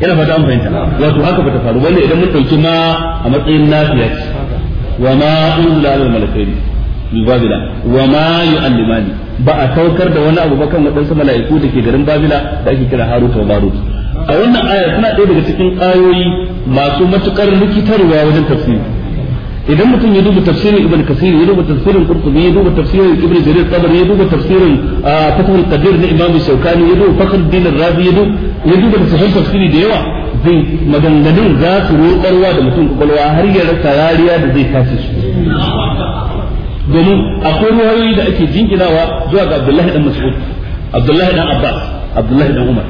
yana fata an fahimta wato haka ba ta faru wanda idan mun dauki ma a matsayin nafiya ce wa ma unzila al malakaini bi babila wa ma yu'allimani ba a saukar da wani abu ba kan wadansu mala'iku da ke garin babila da ake kira haruta wa marut a wannan aya tana ɗaya daga cikin ayoyi masu matuƙar rikitarwa wajen tafsiri idan mutum ya duba tafsirin ibn kasir ya duba tafsirin qurtubi ya duba tafsirin ibn jarir tabari ya duba tafsirin ah, fatahul qadir na imam shaukani ya duba fakhruddin razi ya duba ya duba da sahun tafsiri da yawa zai maganganun za su roƙarwa da mutum kwakwalwa har ya rasa rariya da zai tashi su domin akwai ruwayoyi da ake jinginawa zuwa ga Abdullahi dan Mas'ud Abdullahi dan Abbas Abdullahi dan Umar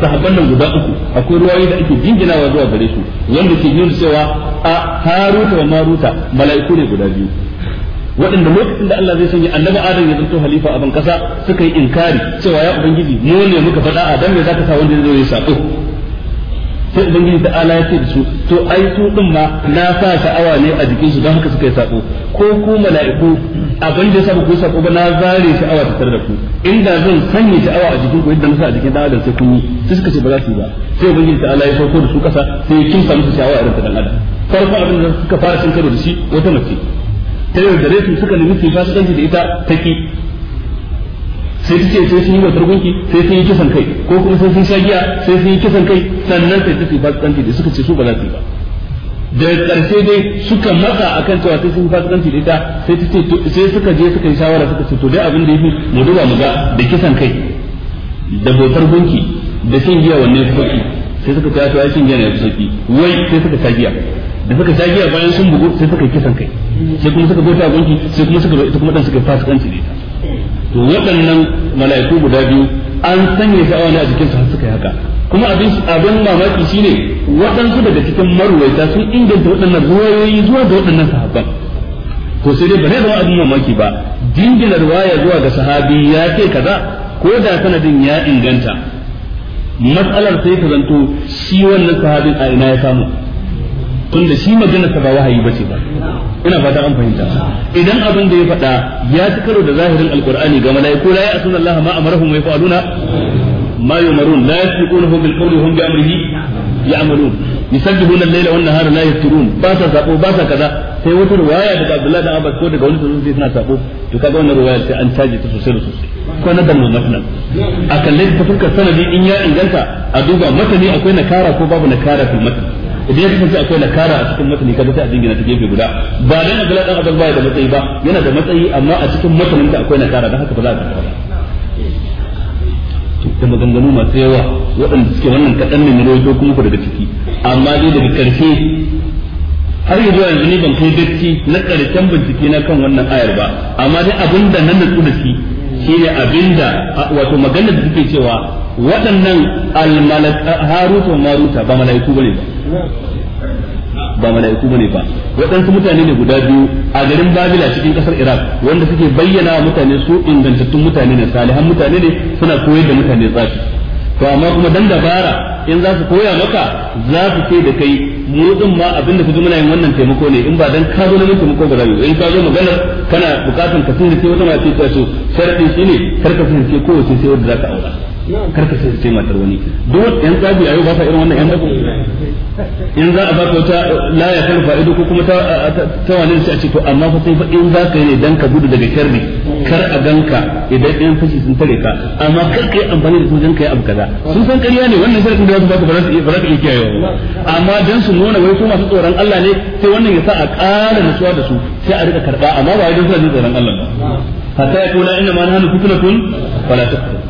sahabban nan guda uku akwai ruwayoyi da ake jinginawa zuwa gare su wanda ke nuna cewa a Haruta wa Maruta mala'iku ne guda biyu waɗanda lokacin da Allah zai sanya annabi Adam ya zanto halifa a ban kasa suka yi inkari cewa ya ubangiji mu ne muka faɗa a ne zaka sa wanda zai ya sako sai ubangiji ta ala ya ce da su to ai su din ma na sa sha'awa ne a jikin su don haka suka yi sako ko ku mala'iku abin da yasa ku sako ba na zare sha'awa ta tare da ku inda zan sanya sha'awa a jikin ku yadda na sa a jikin dan adam sai kun yi sai suka ce ba za su yi ba sai ubangiji ta ala ya farko da su kasa sai kin samu musu sha'awa irin ta dan adam farko abin da suka fara cin karo da shi wata mace ta da su suka nemi su fasikanci da ita ta ki sai ta ce sai sun yi wata gunki sai sun yi kisan kai ko kuma sai sun sha giya sai sun yi kisan kai sannan sai ta fi fasikanci da suka ce su ba za su yi ba daga ƙarshe dai suka matsa akan cewa sai sun fasikanci da ita sai ta ce sai suka je suka yi shawara suka ce to dai abin da yafi mu duba mu ga da kisan kai da bautar gunki da shan giya wanne ya fi sai suka ta to ai shan giya ne ya sauki wai sai suka sha giya da suka sha giya bayan sun bugu sai suka yi kisan kai sai kuma suka bauta gunki sai kuma suka ita kuma dan suka kanci ne to waɗannan mala'iku guda biyu an sanya a wani a jikin su har suka yi haka kuma abin abin mamaki shine waɗansu daga cikin maruwaita sun inganta waɗannan ruwayoyi zuwa ga waɗannan sahabban to sai dai ba zai zama abin mamaki ba jingina ruwaya zuwa ga sahabi ya ce kaza ko da sanadin ya inganta matsalar sai ka zanto shi wannan sahabin a ina ya samu tunda shi magana ta ba wahayi bace ba ina fata an fahimta idan abin da ya faɗa ya ci karo da zahirin alqur'ani ga malaiku la ya'suna Allah ma amarahum wa yaf'aluna ma yumarun la yasbiqunahu bil qawli hum bi amrihi ya'malun yusabbihuna al-layla wan nahara la yafturun ba sa sabo ba sa kaza sai wata ruwaya daga Abdullahi dan Abbas ko daga wani sun sai suna sabo to kaga wannan ruwaya sai an caje ta sosai da sosai ko na dan masnan a kalle ta fuskar sanadi in ya inganta a duba matani akwai nakara ko babu nakara fil matani idan ya kasance akwai nakara a cikin matani kaga sai a dingina ta gefe guda ba dan Abdullahi dan Abbas baya da matsayi ba yana da matsayi amma a cikin matanin da akwai nakara dan haka ba za a karɓa da maganganu masu yawa waɗanda suke wannan kaɗan ne na rawaito kuma ku daga ciki amma dai daga ƙarshe har yanzu yanzu ni ban kai dacci na ƙarshen bincike na kan wannan ayar ba amma dai abin da na su da shi abin abinda wato maganar da suke cewa waɗannan almalaka haruta maruta ba malaiku bane ba ba mala'iku bane ba waɗansu mutane ne guda biyu a garin babila cikin kasar iraq wanda suke bayyana wa mutane su ingantattun mutane ne salihan mutane ne suna koyar da mutane tsafi to amma kuma dan dabara in za su koya maka za su ce da kai mu din ma abinda kaji muna yin wannan taimako ne in ba dan ka zo neman taimako ba yi in ka zo maganar kana bukatun ka sun da ce wata masu ta so ne shine kar ka sun ce kowace sai wanda za ka aura karka sai ce matar wani duk yan tsabi a yau ba sa irin wannan yan dako in za a bako eh, ta la ya kan fa'ido ko kuma ta eh, ta wani sai a ce to amma fa sai fa in za ka yi dan ka gudu daga sharri kar a ganka idan yan fashi sun tare ka amma kar ka yi amfani da su dan ka yi abu kaza sun san kariya ne wannan sharrin da ya baka ba za ka iya ba za ka yi kiyaye amma dan su nuna wai su masu tsoron Allah ne sai wannan ya sa a ƙara nutsuwa da su sai a rika karɓa amma ba wai dan su ne tsoron Allah ba hatta ya kula inna ma nahnu fitnatun fala takfur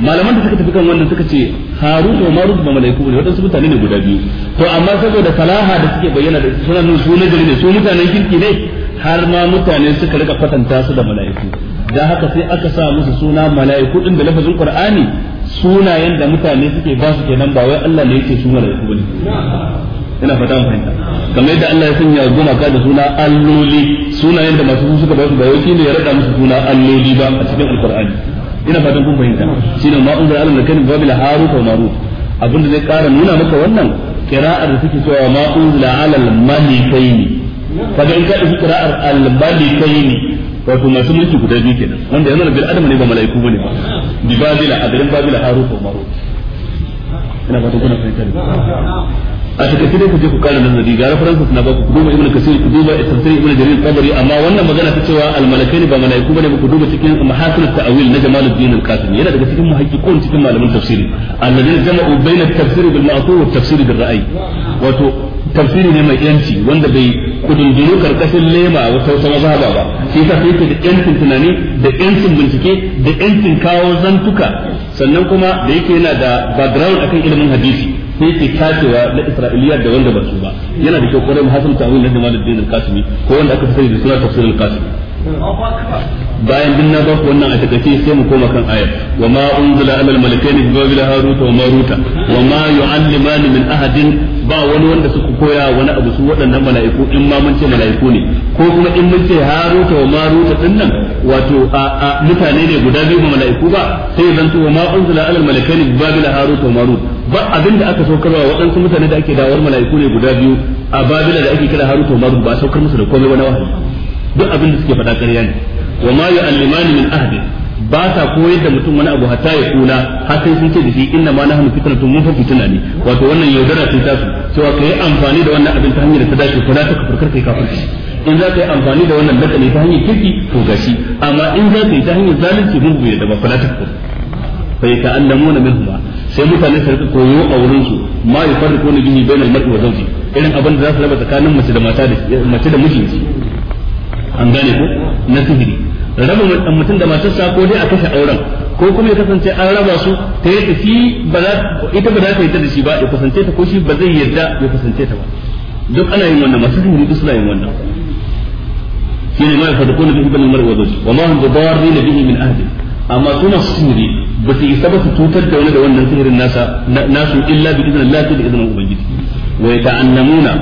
malaman da suka tafi kan wannan suka ce harun da Umaru ba malaiku ne wadansu mutane ne guda biyu to amma saboda falaha da suke bayyana da suna nuna su nagari ne su mutanen kirki ne har ma mutane suka rika kwatanta su da malaiku dan haka sai aka sa musu suna malaiku din da lafazin qur'ani sunayen da mutane suke ba su kenan ba wai Allah ne yake suna malaiku bane ina fata mun fahimta kamar yadda Allah ya sanya ka da suna alloli sunayen da masu suka ba su ba wai ne ya rada musu suna alloli ba a cikin alqur'ani ina fatan kun fahimta shine ma unzira alal lakani babila haruf wa maruf abinda zai kara nuna maka wannan qira'ar da take cewa ma unzila alal malikaini kaga in ka dauki qira'ar al malikaini wato masu mulki guda biyu kenan wanda yana bil adam ne ba malaiku bane ba bi babila a babila haruf wa maruf ina fatan kuna fahimta a takaice dai ku je ku kara nazari ga references na ba ku duba ibnu kasir ku duba tafsir ibnu jarir tabari amma wannan magana ta cewa al malakaini ba malaiku bane ku duba cikin mahasin ta'awil na jamaluddin al qasim yana daga cikin muhaqqiqun cikin malaman tafsiri alladhi jama'u bayna at tafsir bil ma'qul wa tafsir bil ra'yi wato tafsiri ne mai yanci wanda bai kudundunu karkashin lema wa wata mazhaba ba sai ka sai da yancin tunani da yancin bincike da yancin kawo zantuka sannan kuma da yake yana da background akan ilimin hadisi sai ke tacewa na isra'iliya da wanda ba su ba yana da kyau kwarai muhasim ta'awil na jamaluddin al-kasimi ko wanda aka fi sani da suna tafsirin al-kasimi bayan din na ba ku wannan a takaice sai mu koma kan ayar wa ma unzila alal malakain bi babil haruta wa maruta wa ma yu'allimani min ahadin ba wani wanda suka koya wani abu su waɗannan mala'iku in ma mun ce mala'iku ne ko kuma in mun ce haruta wa maruta din wato a mutane ne guda biyu ba mala'iku ba sai zanto wa ma unzila alal malakain bi babil haruta wa maruta ba abin da aka saukarwa waɗansu mutane da ake dawar mala'iku ne guda biyu a babila da ake kira haru to maru ba saukar musu da komai wani wahayi duk abin da suke faɗa ƙarya ne wa ma yu'allimani min ahdi ba ta koyar da mutum wani abu hatta ya kula har sai sun ce da shi inna ma nahnu fitnatun mun fa fitna ne wato wannan yaudara ce ta su cewa kai amfani da wannan abin ta hanyar ta dace ko na ta kafurkar kai kafirci in za ka yi amfani da wannan lakani ta hanyar kirki to gashi amma in za ka yi ta hanyar zalunci mun bai da ba kula ta kafir fa yakallamuna minhuma sai mutane su rika koyo a wurin su ma yufarriquna bai na mar'i wa zauji irin abin da za su raba tsakanin mace da mata da mace da mijinci an gane ko na sihiri raba mutum da sa ko dai a kashe auren ko kuma ya kasance an raba su ta yadda shi ba za ita ba za ta yarda da shi ba ya kasance ta ko shi ba zai yarda ya kasance ta ba duk ana yin wannan masu sihiri duk suna yin wannan shine ma yafadukuna bihi bainal mar'i wa zauji wa ma hum bidarrin bihi min ahli amma su masu sihiri ba su isa ba su tutar da wani da wannan sihirin nasa nasu illa bi idinin Allah da idinin ubangiji wa ta'annamuna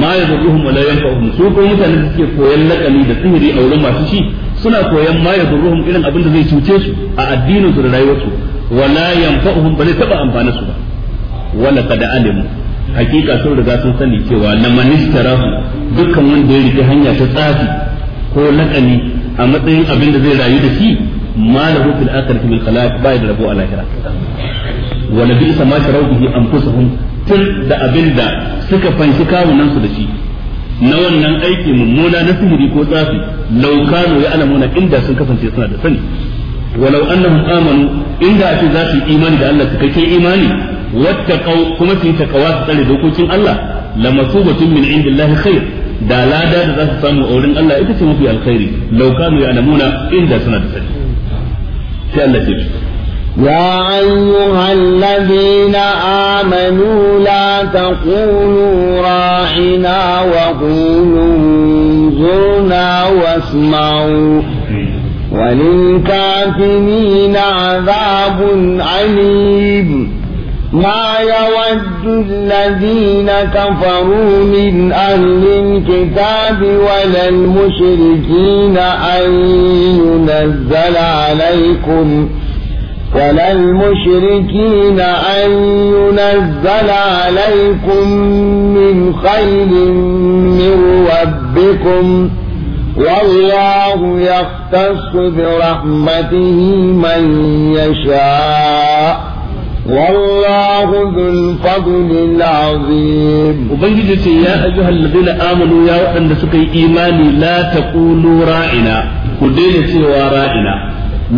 ma yadurruhum wala yanfa'uhum su ko mutane da suke koyan lakani da sihiri a wurin masu shi suna koyan ma yadurruhum irin abin da zai cuce su a addinin su da rayuwarsu wa la yanfa'uhum ba taba amfana su ba wa laqad alimu hakika sun riga sun sani cewa na manistara dukkan wanda ya rike hanya ta tsafi ko lakani a matsayin abin da zai rayu da shi ma lahu fil akhirati bil khalaq ba da rabo a lahira wa la bisa ma sharau bihi tun da abinda suka fansi kawunan su da shi na wannan aiki mummuna na sihiri ko tsafi law kanu ya'lamuna inda sun kasance suna da sani walau annahum amanu inda ake za su yi imani da Allah cikakken imani wattaqau kuma su yi takawa tsare dokokin Allah lamasubatun min indillahi khair da lada da za su samu a wurin Allah ita ce mafi alkhairi law kanu ya'lamuna inda suna da sani sai Allah ce Ya ayyuhal ladina amanu la taqulu ra'ina wa qulu zurna wasma'u وللكافرين عذاب عليم ما يود الذين كفروا من أهل الكتاب ولا المشركين أن ينزل عليكم ولا المشركين أن ينزل عليكم من خير من ربكم والله يختص برحمته من يشاء والله ذو الفضل العظيم وبنجي يا أيها الذين آمنوا يا وأن سكي إيماني لا تقولوا رائنا كدين سوى رائنا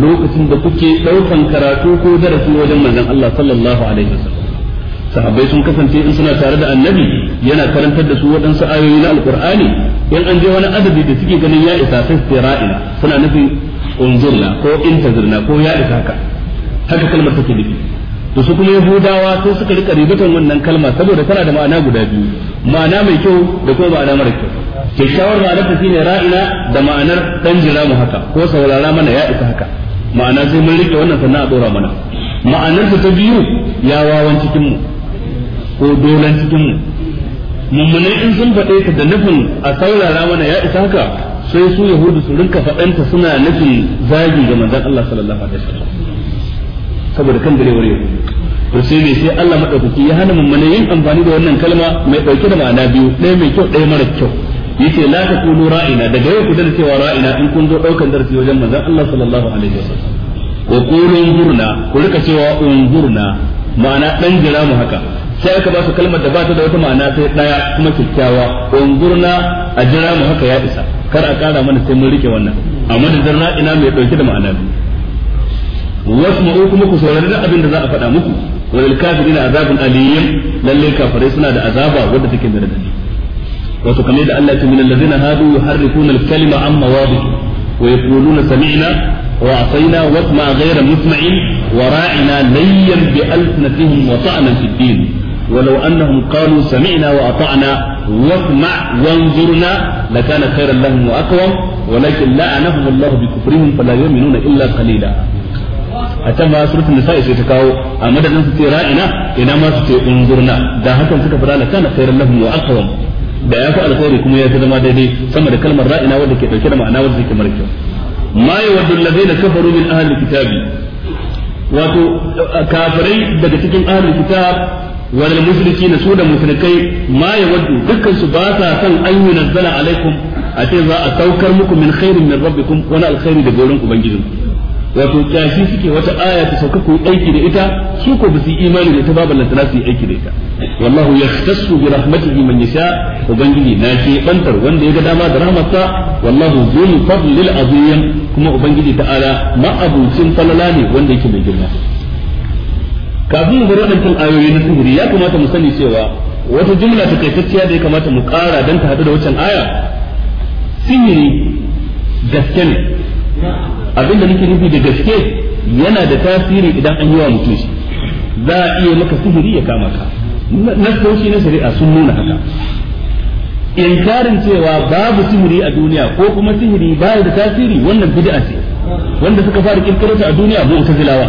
lokacin da kuke ɗaukan karatu ko darasi wajen manzon Allah sallallahu alaihi sahabbai sun kasance in suna tare da annabi yana karantar da su waɗansu ayoyi na Alƙur'ani in an je wani adadi da suke ganin ya isa sai su ra'ina suna nufin unzurna ko intazirna ko ya isa haka haka kalmar take nufi to su kuma yahudawa sai suka rika ribatan wannan kalma saboda tana da ma'ana guda biyu ma'ana mai kyau da kuma ma'ana mara kyau kyakkyawar ma'anar ta shine ra'ina da ma'anar dan jira mu haka ko saurara mana ya isa haka ma'ana sai mun rike wannan sannan a dora mana ma'anar ta biyu ya wawan cikin mu ko dolan cikin mu mummunai in sun faɗe ta da nufin a saurara mana ya isa haka sai su yahudu su rinka faɗanta suna nufin zagi ga manzon Allah sallallahu alaihi wasallam saboda kan garewar yahudu to sai ne sai Allah madaukaki ya hana mana yin amfani da wannan kalma mai ɗauke da ma'ana biyu ɗaya mai kyau ɗaya mara kyau yace la takunu ra'ina daga yau ku dana cewa ra'ina in kun zo daukan darasi wajen manzon Allah sallallahu alaihi wasallam ko qulu unzurna ku rika cewa unzurna ma'ana dan jira mu haka sai aka ba su kalmar da ba ta da wata ma'ana sai ɗaya kuma kyakkyawa unzurna a jira mu haka ya isa kar a kara mana sai mun rike wannan amma da ina mai ɗauke da ma'ana biyu wasu ma'u kuma ku saurari da abin da za a faɗa muku wa lil kafirina azabun alim suna da azaba wadda take da radadi wato kamar da Allah ya ce min allazina hadu yuharrifuna al-kalima an mawadihi wa yaquluna sami'na wa atayna wa ma ghayra musma'in wa ra'ina layyan bi wa ta'nan fi ولو أنهم قالوا سمعنا وأطعنا واسمع وانظرنا لكان خيرا لهم وأقوم ولكن لعنهم الله بكفرهم فلا يؤمنون إلا قليلا a can ma suratul nisa sai ta kawo a madadin su ce ra'ina ina ma su ce unzurna da hakan suka fara la kana khairan lahum wa aqwam da ya fi alkhairi kuma ya fi zama daidai sama da kalmar ra'ina wanda ke dauke da ma'ana wanda yake mara kyau ma yawaddu alladhina kafaru min ahli kitabi wato kafirai daga cikin ahli kitab wal na su da mushrikai ma yawaddu dukkan su ba sa son an yunazzala alaikum a ce za a saukar muku min khairin min rabbikum wani alkhairi daga wurin ubangijinku wato kyashi suke wata aya ta sauka ku aiki da ita su ko ba su yi imani da ita ba ballanta su yi aiki da ita wallahu yahtassu bi rahmatihi man yasha ubangiji na ke bantar wanda ya ga dama da rahmatsa wallahu zul fadlil azim kuma ubangiji ta'ala ma'abucin falala ne wanda yake mai girma kafin mu bar waɗancan ayoyi na sihiri ya kamata mu sani cewa wata jumla ta kaitacciya da ya kamata mu ƙara dan ta haɗu da waccan aya sihiri gaske ne abin da nake nufi da gaske yana da tasiri idan an yi wa mutum shi za a iya maka sihiri ya kama ka nasoshi na shari'a sun nuna haka inkarin cewa babu sihiri a duniya ko kuma sihiri baya da tasiri wannan bid'a ce wanda suka fara kirkiro ta a duniya mu'tazilawa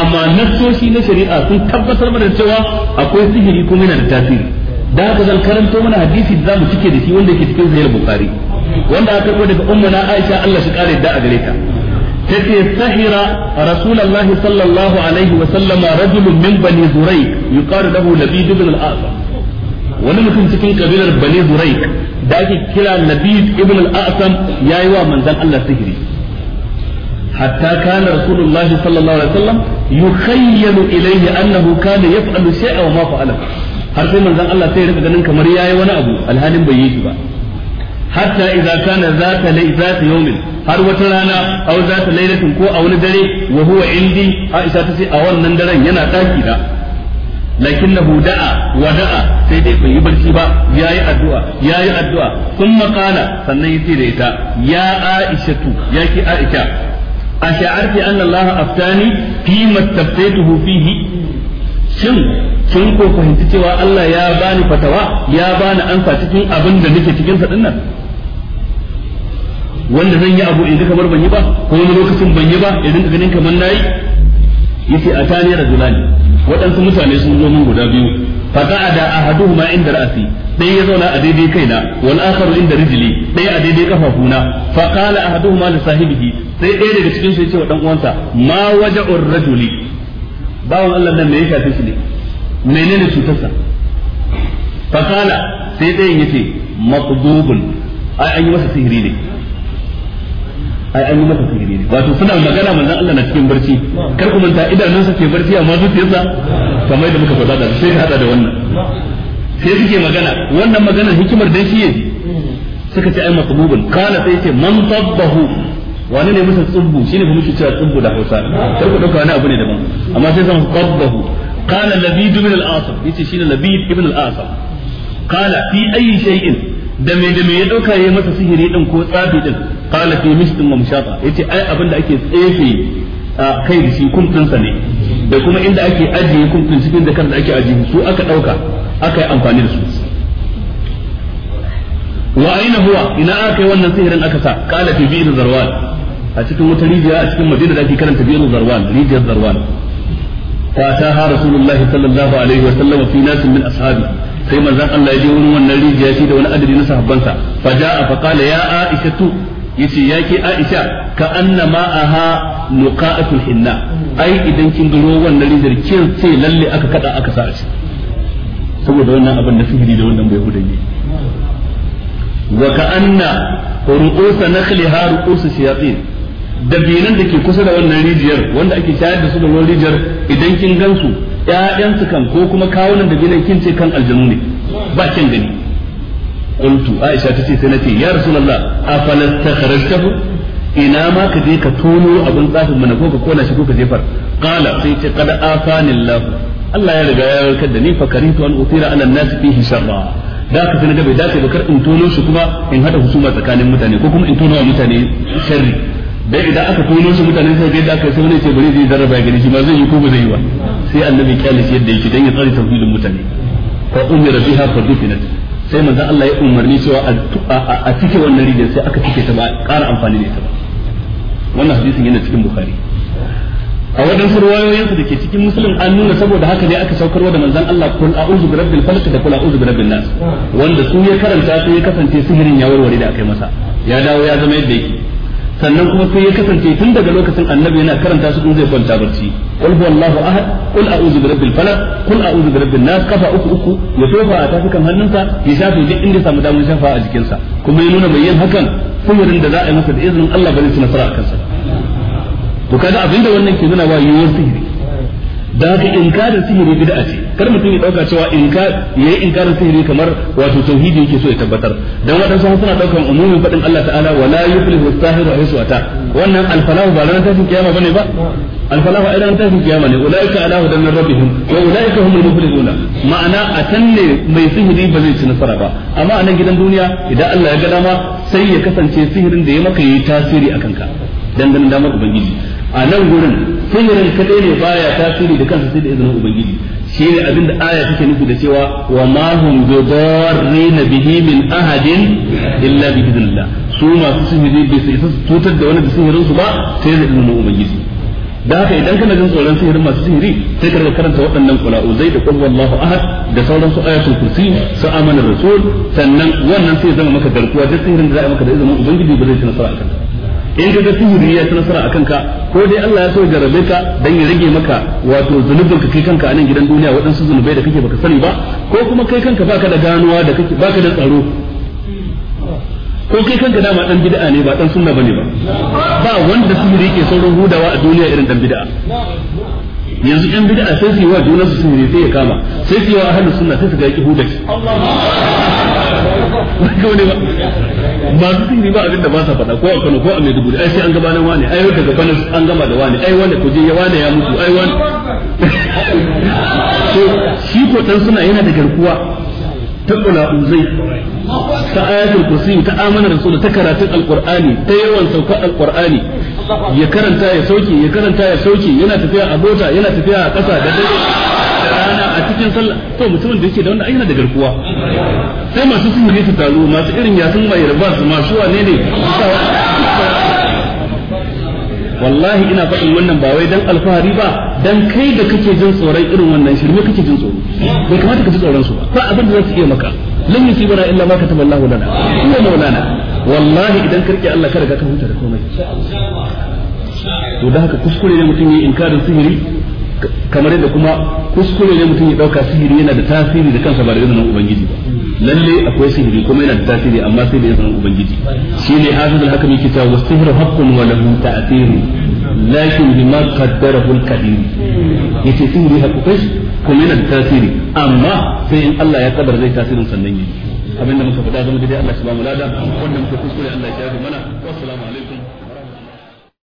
amma nassoshi na shari'a sun tabbatar mana cewa akwai sihiri kuma yana da tasiri da haka zan karanto mana hadisi da zamu cike da shi wanda yake cikin sahih bukhari wanda aka ko daga ummuna Aisha Allah shi kare da a gare ta tace sahira rasulullahi sallallahu alaihi wa sallama rajulun min bani zurai yuqalu dahu labid ibn al-asam wani mutum cikin kabilar bani zurai da ake kira labid ibn al ya yi wa manzan Allah sihiri hatta kana rasulullahi sallallahu alaihi wa sallam yukhayyalu ilayhi annahu kana yaf'alu shay'an wa ma fa'ala har sai manzan Allah sai ya rika ganin kamar yayi wani abu alhalin bai yi shi ba hatta idza kana zata lay zata har wata rana aw zata lailatin ko a wani dare wa huwa indi Aisha tace a wannan daren yana daki da lakinnahu da'a wa da'a sai dai bai yi barci ba yayi addu'a yayi addu'a kuma kana sannan yace da ita ya Aisha tu yaki Aisha ash'arti anna Allah aftani fi mattafaituhu fihi shin kin ko fahimci cewa Allah ya bani fatawa ya bani amsa cikin abin da nake cikin sa dinnan wanda zan yi abu in kamar ban yi ba ko wani lokacin ban yi ba ya dinka ganin kamar nayi yace atani rajulani waɗansu mutane sun zo mun guda biyu fa qa'ada ahaduhuma inda ra'si dai ya zauna a daidai kaina wal akharu inda rijli dai a daidai kafafuna fa qala ahaduhuma li sahibihi sai ɗaya daga cikin su ya ce wa dan uwansa ma waja'ur rajuli bawan Allah nan me ya shafe shi ne menene cutarsa fa qala sai ɗayan yace maqdubun ai an yi masa sihiri ne ai an yi masa sihiri wato suna magana manzon Allah na cikin barci kar ku manta idanunsa ke barci amma zuciyarsa kamar da muka faɗa da sai ka hada da wannan sai suke magana wannan magana hikimar dan shi suka ce ai maqbubun kana sai ce man tabbahu wani ne musa tsubbu shine kuma shi cewa tsubbu da Hausa kar ku dauka wani abu ne daban amma sai san tabbahu kana labid ibn al-asab yace shine labid ibn al-asab kana fi ayi shay'in da me da me ya dauka yayi masa sihiri din ko tsafi din qala fi mistin wa mushata yace ai abinda ake tsefe kai da shi kumfin sa ne da kuma inda ake ajiye kumfin cikin da kan ake ajiye su aka dauka aka yi amfani da su wa aina huwa ina aka yi wannan sihirin aka sa qala fi bi'r zarwan a cikin wata rijiya a cikin madina da ake karanta bi'r zarwan rijiyar zarwan فأتاها رسول الله صلى الله عليه وسلم في ناس من أصحابه sai manzon Allah ya je wurin wannan rijiya shi da wani adadi na sahabbansa fa ja'a fa qala ya aisha tu yace yake aisha ka annama aha nuqa'atul hinna ai idan kin ga ruwan wannan rijiyar kin sai lalle aka kada aka sa a ci saboda wannan abin da sihiri da wannan bai hudan yi wa ka anna ru'usa nakhliha ru'usu shayatin dabinan da ke kusa da wannan rijiyar wanda ake shayar da su da rijiyar idan kin gansu ƴaƴansu kan ko kuma kawunan dabinan kin ce kan aljanu ne ba kin gani qultu aisha tace sai nace ya rasulullah afala takhrajtahu ina ma ka je ka tono abun tsafin mana ko ka kona shi ko ka jefar qala sai ce qad afani allah Allah ya riga ya warkar da ni fa karitu an utira ala an-nas fihi sharra da ka tana da bai dace ba kar in tono shi kuma in hada husuma tsakanin mutane ko kuma in tono wa mutane sharri dai idan aka tono shi mutane sai ga yadda aka sai wani ce bari zai darraba ya gani shi ma zai yi ko ba zai yi ba sai annabi kyale shi yadda yake dan ya tsare tauhidin mutane fa umira biha fa dufinat sai manzo Allah ya umarni cewa a cike wannan rijiyar sai aka cike ta ba ƙara amfani da ita ba wannan hadisin yana cikin bukhari a waɗansu ruwayoyinsu da ke cikin musulun an nuna saboda haka ne aka saukarwa da manzan Allah kul a'udhu bi rabbil falaq da kul a'udhu bi rabbin nas wanda su ya karanta su ya kasance sihirin ya warware da aka yi masa ya dawo ya zama yadda yake sannan kuma sai ya kasance tun daga lokacin annabi yana karanta su in zai kwanta barci qul huwallahu ahad qul a'udhu birabbil falaq qul a'udhu birabbin nas kafa uku uku ya tofa a tafukan hannunsa ya shafe duk inda samu damar shafa a jikinsa kuma ya nuna mai yin hakan sumurin da za a yi masa da izinin Allah bane su nasara a kansa to kaga abinda wannan ke nuna wa yiwuwar sihiri da haka inkarin sihiri bid'a ce kar mutum ya dauka cewa ka yayi inkarin sihiri kamar wato tauhidi yake so ya tabbatar dan wadansu suna daukan umumin fadin Allah ta'ala wala yuflihu as-sahiru a ata wannan al-falahu ba ranar tafi kiyama bane ba al-falahu ai ranar tashin kiyama ne ulaika ala hudan min rabbihim wa ulaika humul muflihuna ma'ana a ne mai sihiri ba zai ci nasara ba amma a nan gidan duniya idan Allah ya ga dama sai ya kasance sihirin da ya maka yayi tasiri akan ka dangane damar ubangiji a nan gurin sihirin kadai ne baya tasiri da kansa sai da izinin ubangiji shi ne abin da aya take nufi da cewa wa ma hum bidarrina bihi min ahadin illa bi idnillah su masu sihiri bai su isa su tutar da wani da sihirin su ba sai da izinin ubangiji da haka idan kana jin tsoron sihirin masu sihiri sai ka karanta waɗannan zai da qul wallahu ahad da sauran su ayatul kursi su amanar rasul sannan wannan sai zama maka garkuwa da sihirin da za a maka da izinin ubangiji ba zai ci nasara akan in ka ga sihiri ya ci nasara a kanka ko dai Allah ya so ya jarabe ka dan ya rage maka wato zunubin ka kai kanka a nan gidan duniya waɗansu zunubai da kake baka sani ba ko kuma kai kanka baka da ganuwa da kake baka da tsaro ko kai kanka dama dan bid'a ne ba dan sunna bane ba ba wanda sihiri yake sauran hudawa a duniya irin dan bid'a yanzu yan bid'a sai su yi wa junansu sihiri sai ya kama sai su yi wa ahlus sunna sai su ga yaki hudaci ko ne ba masu sihiri ba abinda ba sa faɗa ko a Kano ko a Maiduguri ai sai an gabanin wani ai wanda gabanin an gama da wani ai wanda kuje ya wani ya mutu ai wani to shi ko dan suna yana da garkuwa ta kula uzai ta ayatul kursi ta amana rasul ta karatun alqur'ani ta yawan sauka alqur'ani ya karanta ya sauke ya karanta ya sauke yana tafiya a bota yana tafiya a ƙasa da dare cikin sallah to mutumin da yake da wannan ayyana da garkuwa sai masu sihiri su taru masu irin yasin mai rabas masu wane ne wallahi ina faɗin wannan ba wai dan alfahari ba dan kai da kake jin tsoron irin wannan kake jin tsoro bai kamata ka ji tsoron su ba ba abin da za su iya maka lan yusibuna illa ma kataba Allahu lana huwa maulana wallahi idan ka rike Allah kada ka huta da komai to haka kuskure ne mutum yi inkarin sihiri kamar yadda kuma kuskure ne mutum ya dauka sihiri yana da tasiri da kansa ba da izinin ubangiji ba lalle akwai sihiri kuma yana da tasiri amma sai da izinin ubangiji shine hafiz al-hakimi yake cewa wasihru haqqun wa lahu ta'thiru lakin bima qaddarahu al-qadir yace sihiri hakukai kuma yana da tasiri amma sai in Allah ya kaddara zai tasirin sannan yi abinda muka faɗa zama dai Allah subhanahu wa ta'ala lada wanda muka kuskure Allah ya shafe mana wassalamu alaikum